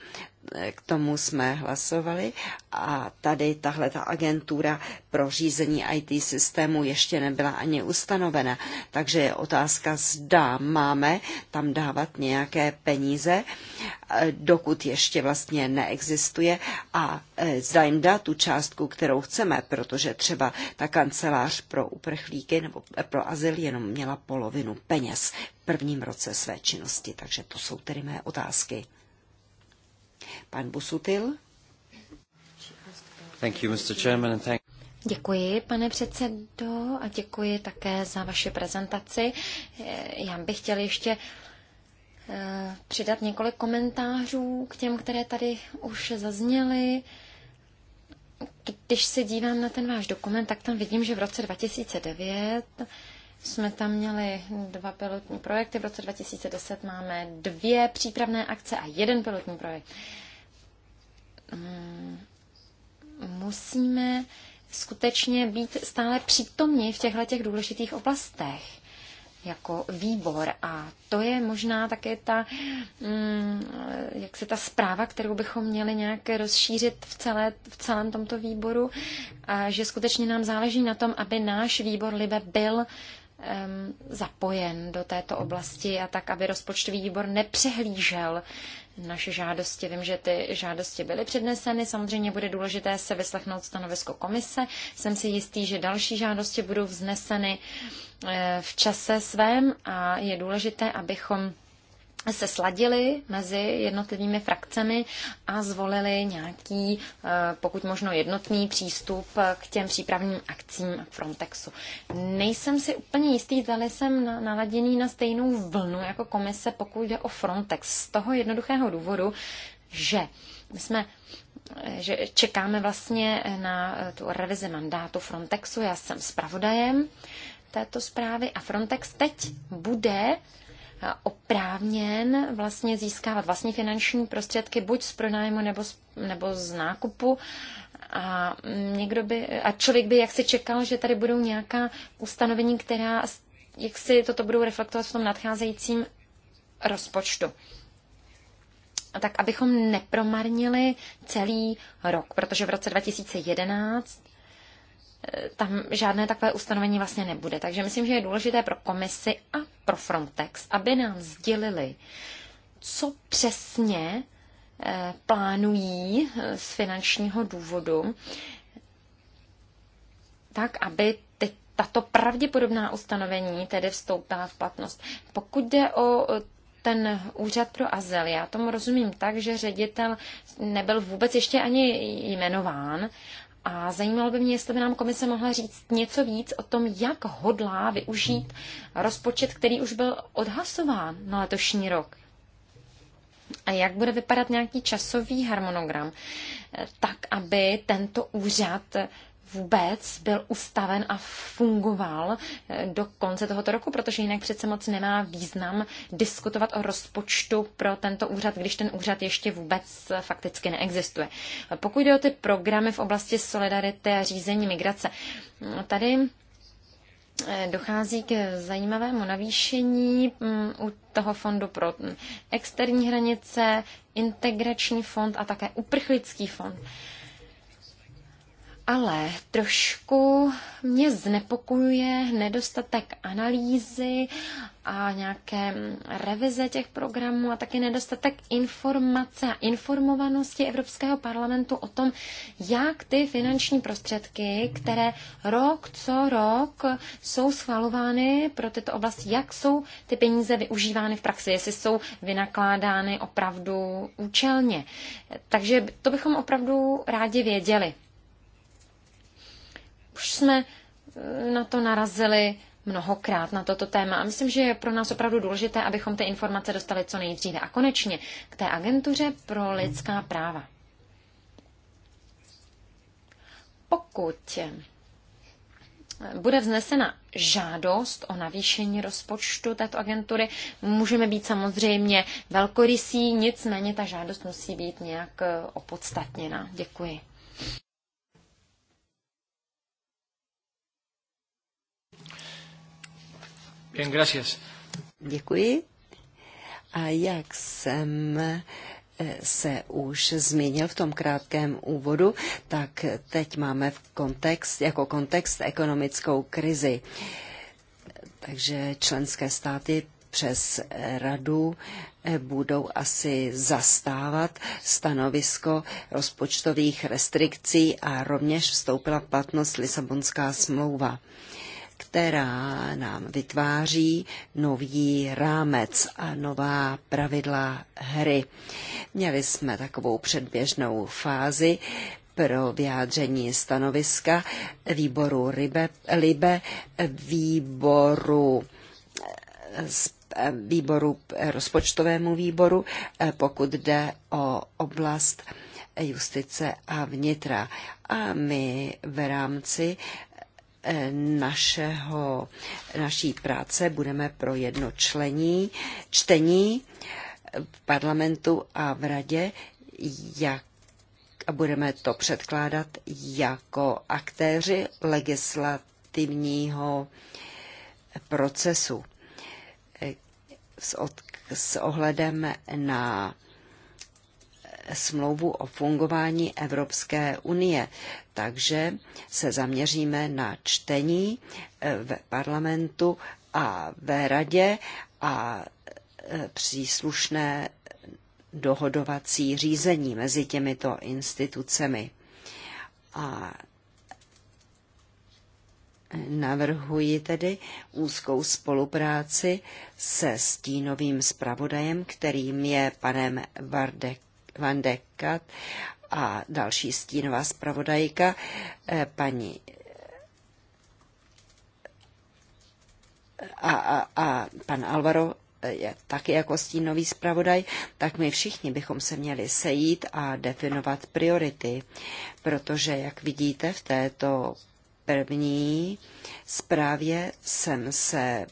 k tomu jsme hlasovali a tady tahle ta agentura pro řízení IT systému ještě nebyla ani ustanovena. Takže je otázka, zda máme tam dávat nějaké peníze, eh, dokud ještě vlastně neexistuje a eh, zda jim dá tu částku, kterou chceme, protože třeba ta kancelář pro uprchlíky nebo eh, pro azyl jenom měla polovinu peněz v prvním roce své činnosti. Takže to jsou tedy mé otázky. Pan Busutil. Thank you, Mr. Chairman, and thank Děkuji, pane předsedo, a děkuji také za vaši prezentaci. Eh, já bych chtěl ještě eh, přidat několik komentářů k těm, které tady už zazněly. Když se dívám na ten váš dokument, tak tam vidím, že v roce 2009 jsme tam měli dva pilotní projekty, v roce 2010 máme dvě přípravné akce a jeden pilotní projekt. Mm, musíme skutečně být stále přítomní v těchto těch důležitých oblastech jako výbor. A to je možná také ta, mm, jak se ta zpráva, kterou bychom měli nějak rozšířit v, celé, v celém tomto výboru, a že skutečně nám záleží na tom, aby náš výbor Libe byl zapojen do této oblasti a tak, aby rozpočtový výbor nepřehlížel naše žádosti. Vím, že ty žádosti byly předneseny. Samozřejmě bude důležité se vyslechnout stanovisko komise. Jsem si jistý, že další žádosti budou vzneseny eh, v čase svém a je důležité, abychom se sladili mezi jednotlivými frakcemi a zvolili nějaký, eh, pokud možno jednotný přístup k těm přípravným akcím Frontexu. Nejsem si úplně jistý, zda jsem naladěný na stejnou vlnu jako komise, pokud jde o Frontex. Z toho jednoduchého důvodu, že my jsme eh, že čekáme vlastně na eh, tu revizi mandátu Frontexu. Já jsem zpravodajem této zprávy a Frontex teď bude oprávněn vlastně získávat vlastní finanční prostředky buď z pronájmu nebo z, nebo z nákupu a, někdo by, a člověk by jaksi čekal, že tady budou nějaká ustanovení, která jak si toto budou reflektovat v tom nadcházejícím rozpočtu. Tak abychom nepromarnili celý rok, protože v roce 2011 Eh, tam žádné takové ustanovení vlastně nebude. Takže myslím, že je důležité pro komisi a pro Frontex, aby nám sdělili, co přesně eh, plánují eh, z finančního důvodu, tak aby ty, tato pravděpodobná ustanovení tedy vstoupila v platnost. Pokud jde o ten úřad pro azyl, já tomu rozumím tak, že ředitel nebyl vůbec ještě ani jmenován a zajímalo by mě, jestli by nám komise mohla říct něco víc o tom, jak hodlá využít rozpočet, který už byl odhlasován na letošní rok. A jak bude vypadat nějaký časový harmonogram, eh, tak aby tento úřad vůbec byl ustaven a fungoval eh, do konce tohoto roku, protože jinak přece moc nemá význam diskutovat o rozpočtu pro tento úřad, když ten úřad ještě vůbec eh, fakticky neexistuje. Pokud jde o ty programy v oblasti solidarity a řízení migrace, mm, tady eh, dochází k zajímavému navýšení mm, u toho fondu pro mm, externí hranice, integrační fond a také uprchlický fond ale trošku mě znepokojuje nedostatek analýzy a nějaké mm, revize těch programů a taky nedostatek informace a informovanosti Evropského parlamentu o tom, jak ty finanční prostředky, které rok co rok jsou schvalovány pro tyto oblasti, jak jsou ty peníze využívány v praxi, jestli jsou vynakládány opravdu účelně. Takže to bychom opravdu rádi věděli. Už jsme eh, na to narazili mnohokrát na toto téma a myslím, že je pro nás opravdu důležité, abychom ty informace dostali co nejdříve. A konečně k té agentuře pro lidská práva. Pokud eh, bude vznesena žádost o navýšení rozpočtu této agentury. Můžeme být samozřejmě velkorysí, nicméně ta žádost musí být nějak eh, opodstatněna. Děkuji. Bien, gracias. Děkuji. A jak jsem eh, se už zmínil v tom krátkém úvodu, tak teď máme v kontext, jako kontext ekonomickou krizi. Takže členské státy přes radu eh, budou asi zastávat stanovisko rozpočtových restrikcí a rovněž vstoupila v platnost Lisabonská smlouva která nám vytváří nový rámec a nová pravidla hry. Měli jsme takovou předběžnou fázi pro vyjádření stanoviska výboru Libe, Libe výboru eh, výboru, rozpočtovému výboru, eh, pokud jde o oblast justice a vnitra. A my v rámci Eh, našeho, naší práce budeme pro jedno člení, čtení eh, v parlamentu a v radě, jak a budeme to předkládat jako aktéři legislativního procesu eh, s, od, s ohledem na smlouvu o fungování Evropské unie. Takže se zaměříme na čtení eh, v parlamentu a ve radě a eh, příslušné dohodovací řízení mezi těmito institucemi. A Navrhuji tedy úzkou spolupráci se stínovým zpravodajem, kterým je panem Vardek Van de Kat a další stínová zpravodajka, eh, paní eh, a, a, a pan Alvaro eh, je taky jako stínový zpravodaj, tak my všichni bychom se měli sejít a definovat priority, protože, jak vidíte, v této první zprávě jsem se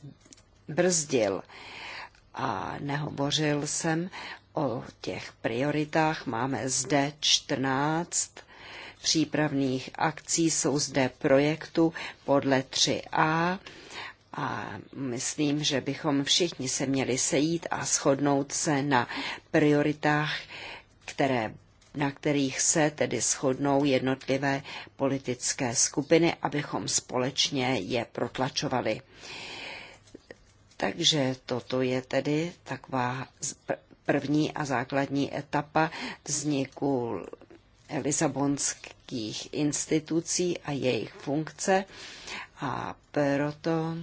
brzdil a nehovořil jsem o těch prioritách. Máme zde 14 přípravných akcí, jsou zde projektu podle 3A a myslím, že bychom všichni se měli sejít a shodnout se na prioritách, které na kterých se tedy shodnou jednotlivé politické skupiny, abychom společně je protlačovali. Takže toto je tedy taková první a základní etapa vzniku lisabonských institucí a jejich funkce a proto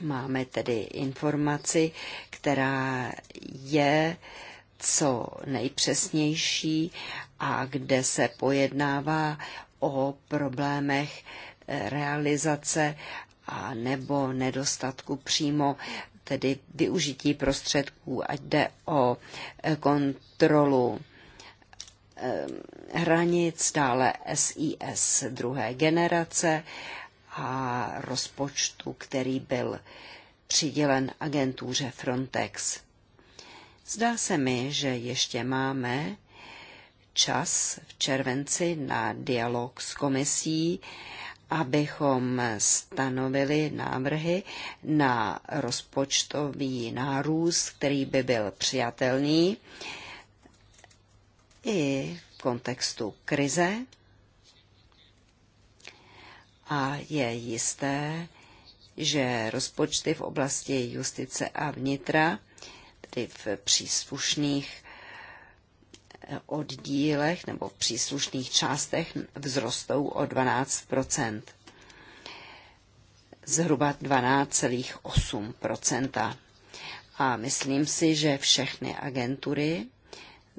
máme tedy informaci, která je co nejpřesnější a kde se pojednává o problémech realizace a nebo nedostatku přímo tedy využití prostředků, ať jde o eh, kontrolu eh, hranic, dále SIS druhé generace a rozpočtu, který byl přidělen agentuře Frontex. Zdá se mi, že ještě máme čas v červenci na dialog s komisí abychom stanovili návrhy na rozpočtový nárůst, který by byl přijatelný i v kontextu krize. A je jisté, že rozpočty v oblasti justice a vnitra, tedy v příslušných oddílech nebo v příslušných částech vzrostou o 12 zhruba 12,8 A myslím si, že všechny agentury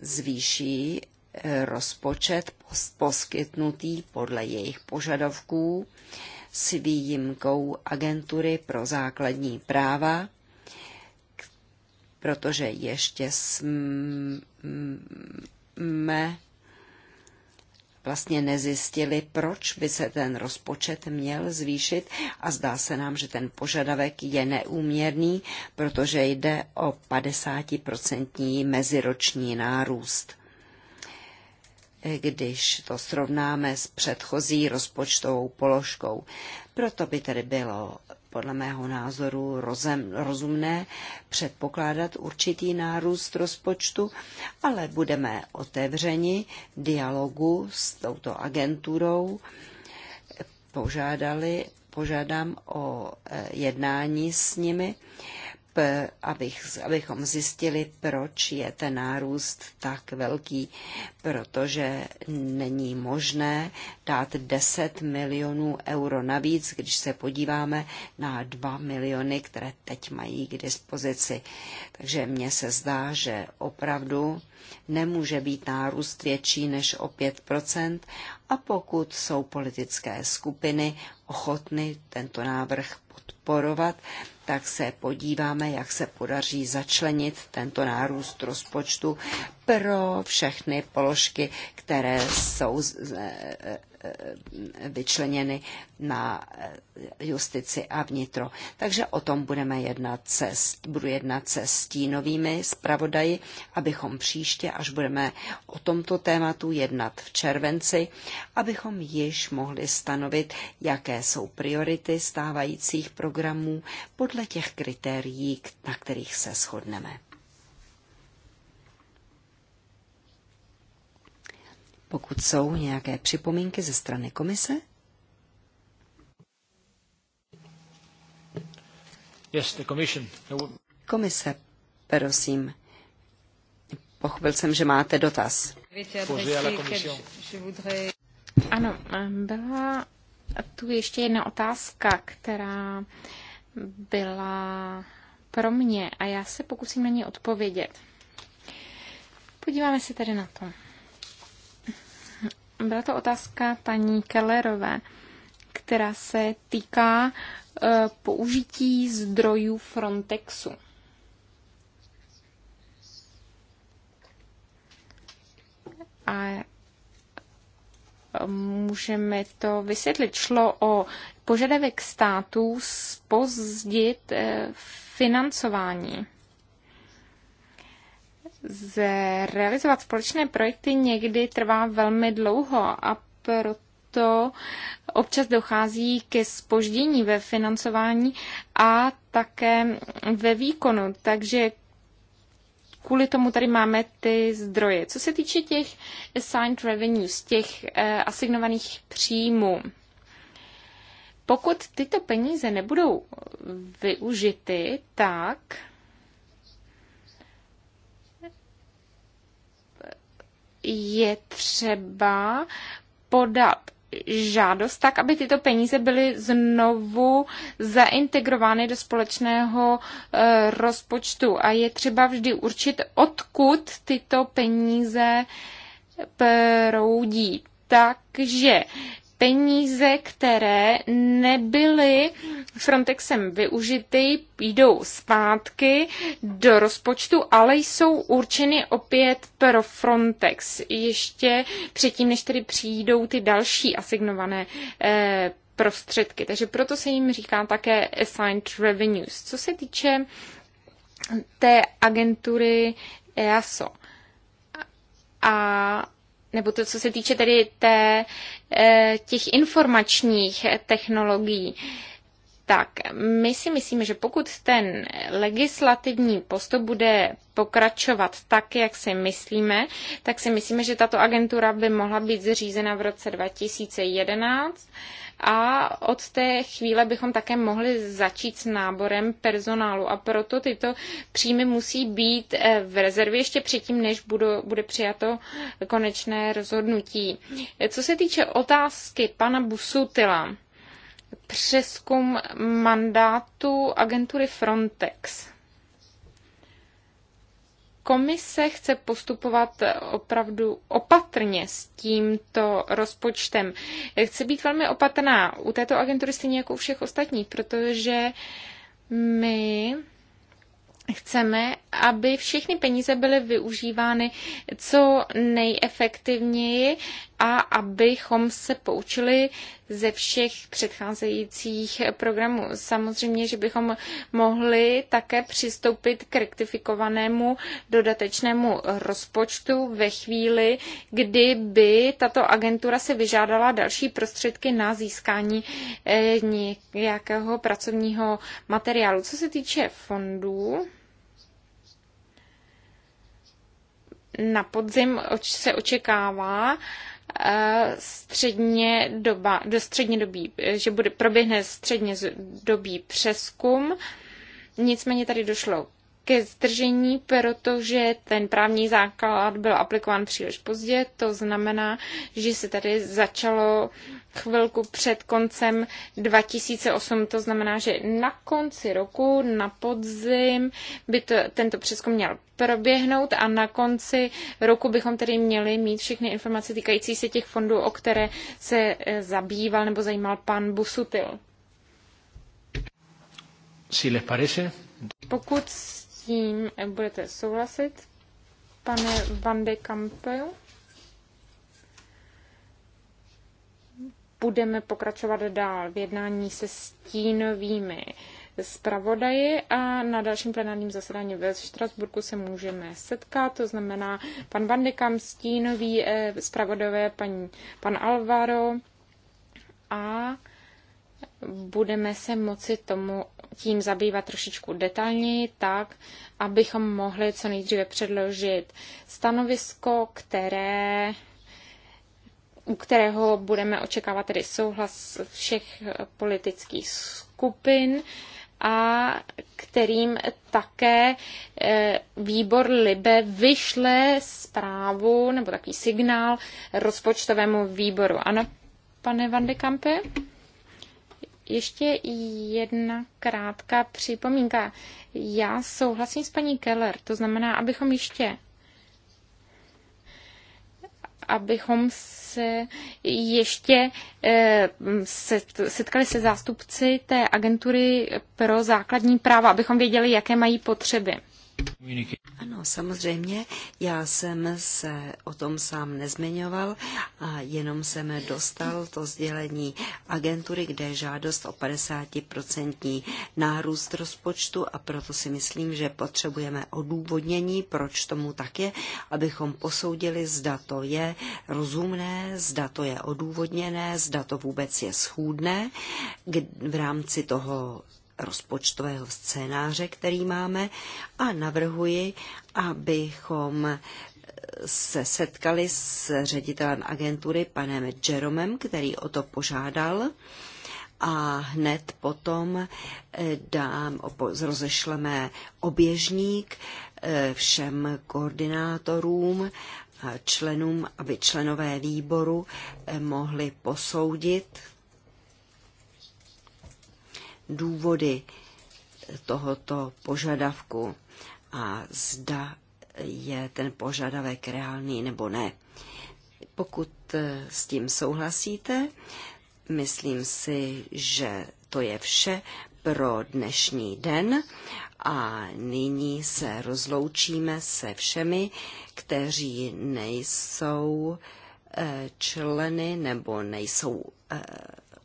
zvýší eh, rozpočet poskytnutý podle jejich požadavků s výjimkou agentury pro základní práva, protože ještě jsme vlastně nezjistili, proč by se ten rozpočet měl zvýšit a zdá se nám, že ten požadavek je neúměrný, protože jde o 50% meziroční nárůst. Když to srovnáme s předchozí rozpočtovou položkou. Proto by tedy bylo podle mého názoru rozem, rozumné předpokládat určitý nárůst rozpočtu, ale budeme otevřeni dialogu s touto agenturou. Požádali, požádám o eh, jednání s nimi abych, abychom zjistili, proč je ten nárůst tak velký, protože není možné dát 10 milionů euro navíc, když se podíváme na 2 miliony, které teď mají k dispozici. Takže mně se zdá, že opravdu nemůže být nárůst větší než o 5 a pokud jsou politické skupiny ochotny tento návrh podporovat, tak se podíváme, jak se podaří začlenit tento nárůst rozpočtu pro všechny položky, které jsou Eh, vyčleněny na eh, justici a vnitro. Takže o tom budeme jednat se, budu jednat se stínovými zpravodaji, abychom příště, až budeme o tomto tématu jednat v červenci, abychom již mohli stanovit, jaké jsou priority stávajících programů podle těch kritérií, na kterých se shodneme. pokud jsou nějaké připomínky ze strany komise. Yes, the commission. No. Komise, prosím. Pochopil jsem, že máte dotaz. Ano, byla tu ještě jedna otázka, která byla pro mě a já se pokusím na ně odpovědět. Podíváme se tady na to. Byla to otázka paní Kellerové, která se týká e, použití zdrojů Frontexu. A e, můžeme to vysvětlit. Šlo o požadavek států spozdit e, financování zrealizovat společné projekty někdy trvá velmi dlouho a proto občas dochází ke spoždění ve financování a také ve výkonu. Takže kvůli tomu tady máme ty zdroje. Co se týče těch assigned revenues, těch eh, asignovaných příjmů, pokud tyto peníze nebudou využity, tak je třeba podat žádost tak, aby tyto peníze byly znovu zaintegrovány do společného eh, rozpočtu. A je třeba vždy určit, odkud tyto peníze proudí. Takže peníze, které nebyly Frontexem využity, jdou zpátky do rozpočtu, ale jsou určeny opět pro Frontex. Ještě předtím, než tedy přijdou ty další asignované eh, prostředky. Takže proto se jim říká také assigned revenues. Co se týče té agentury EASO a nebo to, co se týče tedy té, eh, těch informačních technologií, tak my si myslíme, že pokud ten legislativní postup bude pokračovat tak, jak si myslíme, tak si myslíme, že tato agentura by mohla být zřízena v roce 2011 a od té chvíle bychom také mohli začít s náborem personálu a proto tyto příjmy musí být eh, v rezervě ještě předtím, než budu, bude přijato konečné rozhodnutí. Eh, co se týče otázky pana Busutila, přeskum mandátu agentury Frontex komise chce postupovat opravdu opatrně s tímto rozpočtem. Chce být velmi opatrná u této agentury stejně jako u všech ostatních, protože my chceme, aby všechny peníze byly využívány co nejefektivněji a abychom se poučili ze všech předcházejících programů. Samozřejmě, že bychom mohli také přistoupit k rektifikovanému dodatečnému rozpočtu ve chvíli, kdyby tato agentura se vyžádala další prostředky na získání eh, nějakého pracovního materiálu. Co se týče fondů, na podzim se očekává eh, středně doba, do středně dobí, eh, že bude, proběhne středně dobý přeskum. Nicméně tady došlo ke zdržení, protože ten právní základ byl aplikován příliš pozdě. To znamená, že se tady začalo chvilku před koncem 2008. To znamená, že na konci roku, na podzim, by to, tento přeskum měl proběhnout a na konci roku bychom tedy měli mít všechny informace týkající se těch fondů, o které se eh, zabýval nebo zajímal pan Busutil. Si les parece, pokud tím budete souhlasit, pane Van de Kampe. Budeme pokračovat dál v jednání se stínovými zpravodaji a na dalším plenárním zasedání ve Štrasburku se můžeme setkat, to znamená pan Van de Kamp, stínový eh, zpravodové, paní, pan Alvaro a budeme se moci tomu tím zabývat trošičku detailněji tak, abychom mohli co nejdříve předložit stanovisko, které u kterého budeme očekávat tedy souhlas všech politických skupin a kterým také eh, výbor Libe vyšle zprávu nebo takový signál rozpočtovému výboru. Ano, pane Vandekampe? ještě jedna krátká připomínka. Já souhlasím s paní Keller, to znamená, abychom ještě abychom se ještě eh, setkali se zástupci té agentury pro základní práva, abychom věděli, jaké mají potřeby. Ano, samozřejmě, já jsem se o tom sám nezmiňoval a jenom jsem dostal to sdělení agentury, kde je žádost o 50% nárůst rozpočtu a proto si myslím, že potřebujeme odůvodnění, proč tomu tak je, abychom posoudili, zda to je rozumné, zda to je odůvodněné, zda to vůbec je schůdné v rámci toho rozpočtového scénáře, který máme a navrhuji, abychom se setkali s ředitelem agentury panem Jeromem, který o to požádal a hned potom eh, dám, rozešleme oběžník eh, všem koordinátorům a členům, aby členové výboru eh, mohli posoudit důvody tohoto požadavku a zda je ten požadavek reálný nebo ne. Pokud eh, s tím souhlasíte, myslím si, že to je vše pro dnešní den a nyní se rozloučíme se všemi, kteří nejsou eh, členy nebo nejsou eh,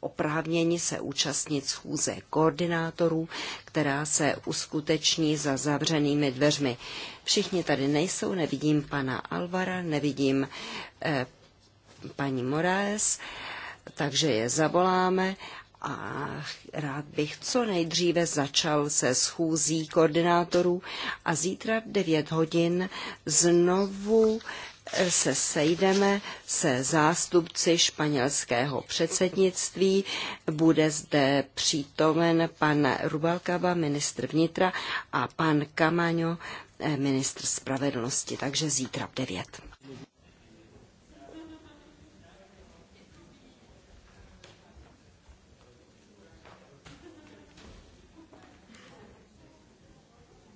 oprávněni se účastnit schůze koordinátorů, která se uskuteční za zavřenými dveřmi. Všichni tady nejsou, nevidím pana Alvara, nevidím eh, paní Moraes, takže je zavoláme a rád bych co nejdříve začal se schůzí koordinátorů a zítra v 9 hodin znovu eh, se sejdeme se zástupci španělského předsednictví. Bude zde přítomen pan Rubalkaba, ministr vnitra, a pan Kamaňo, eh, ministr spravedlnosti, takže zítra v 9.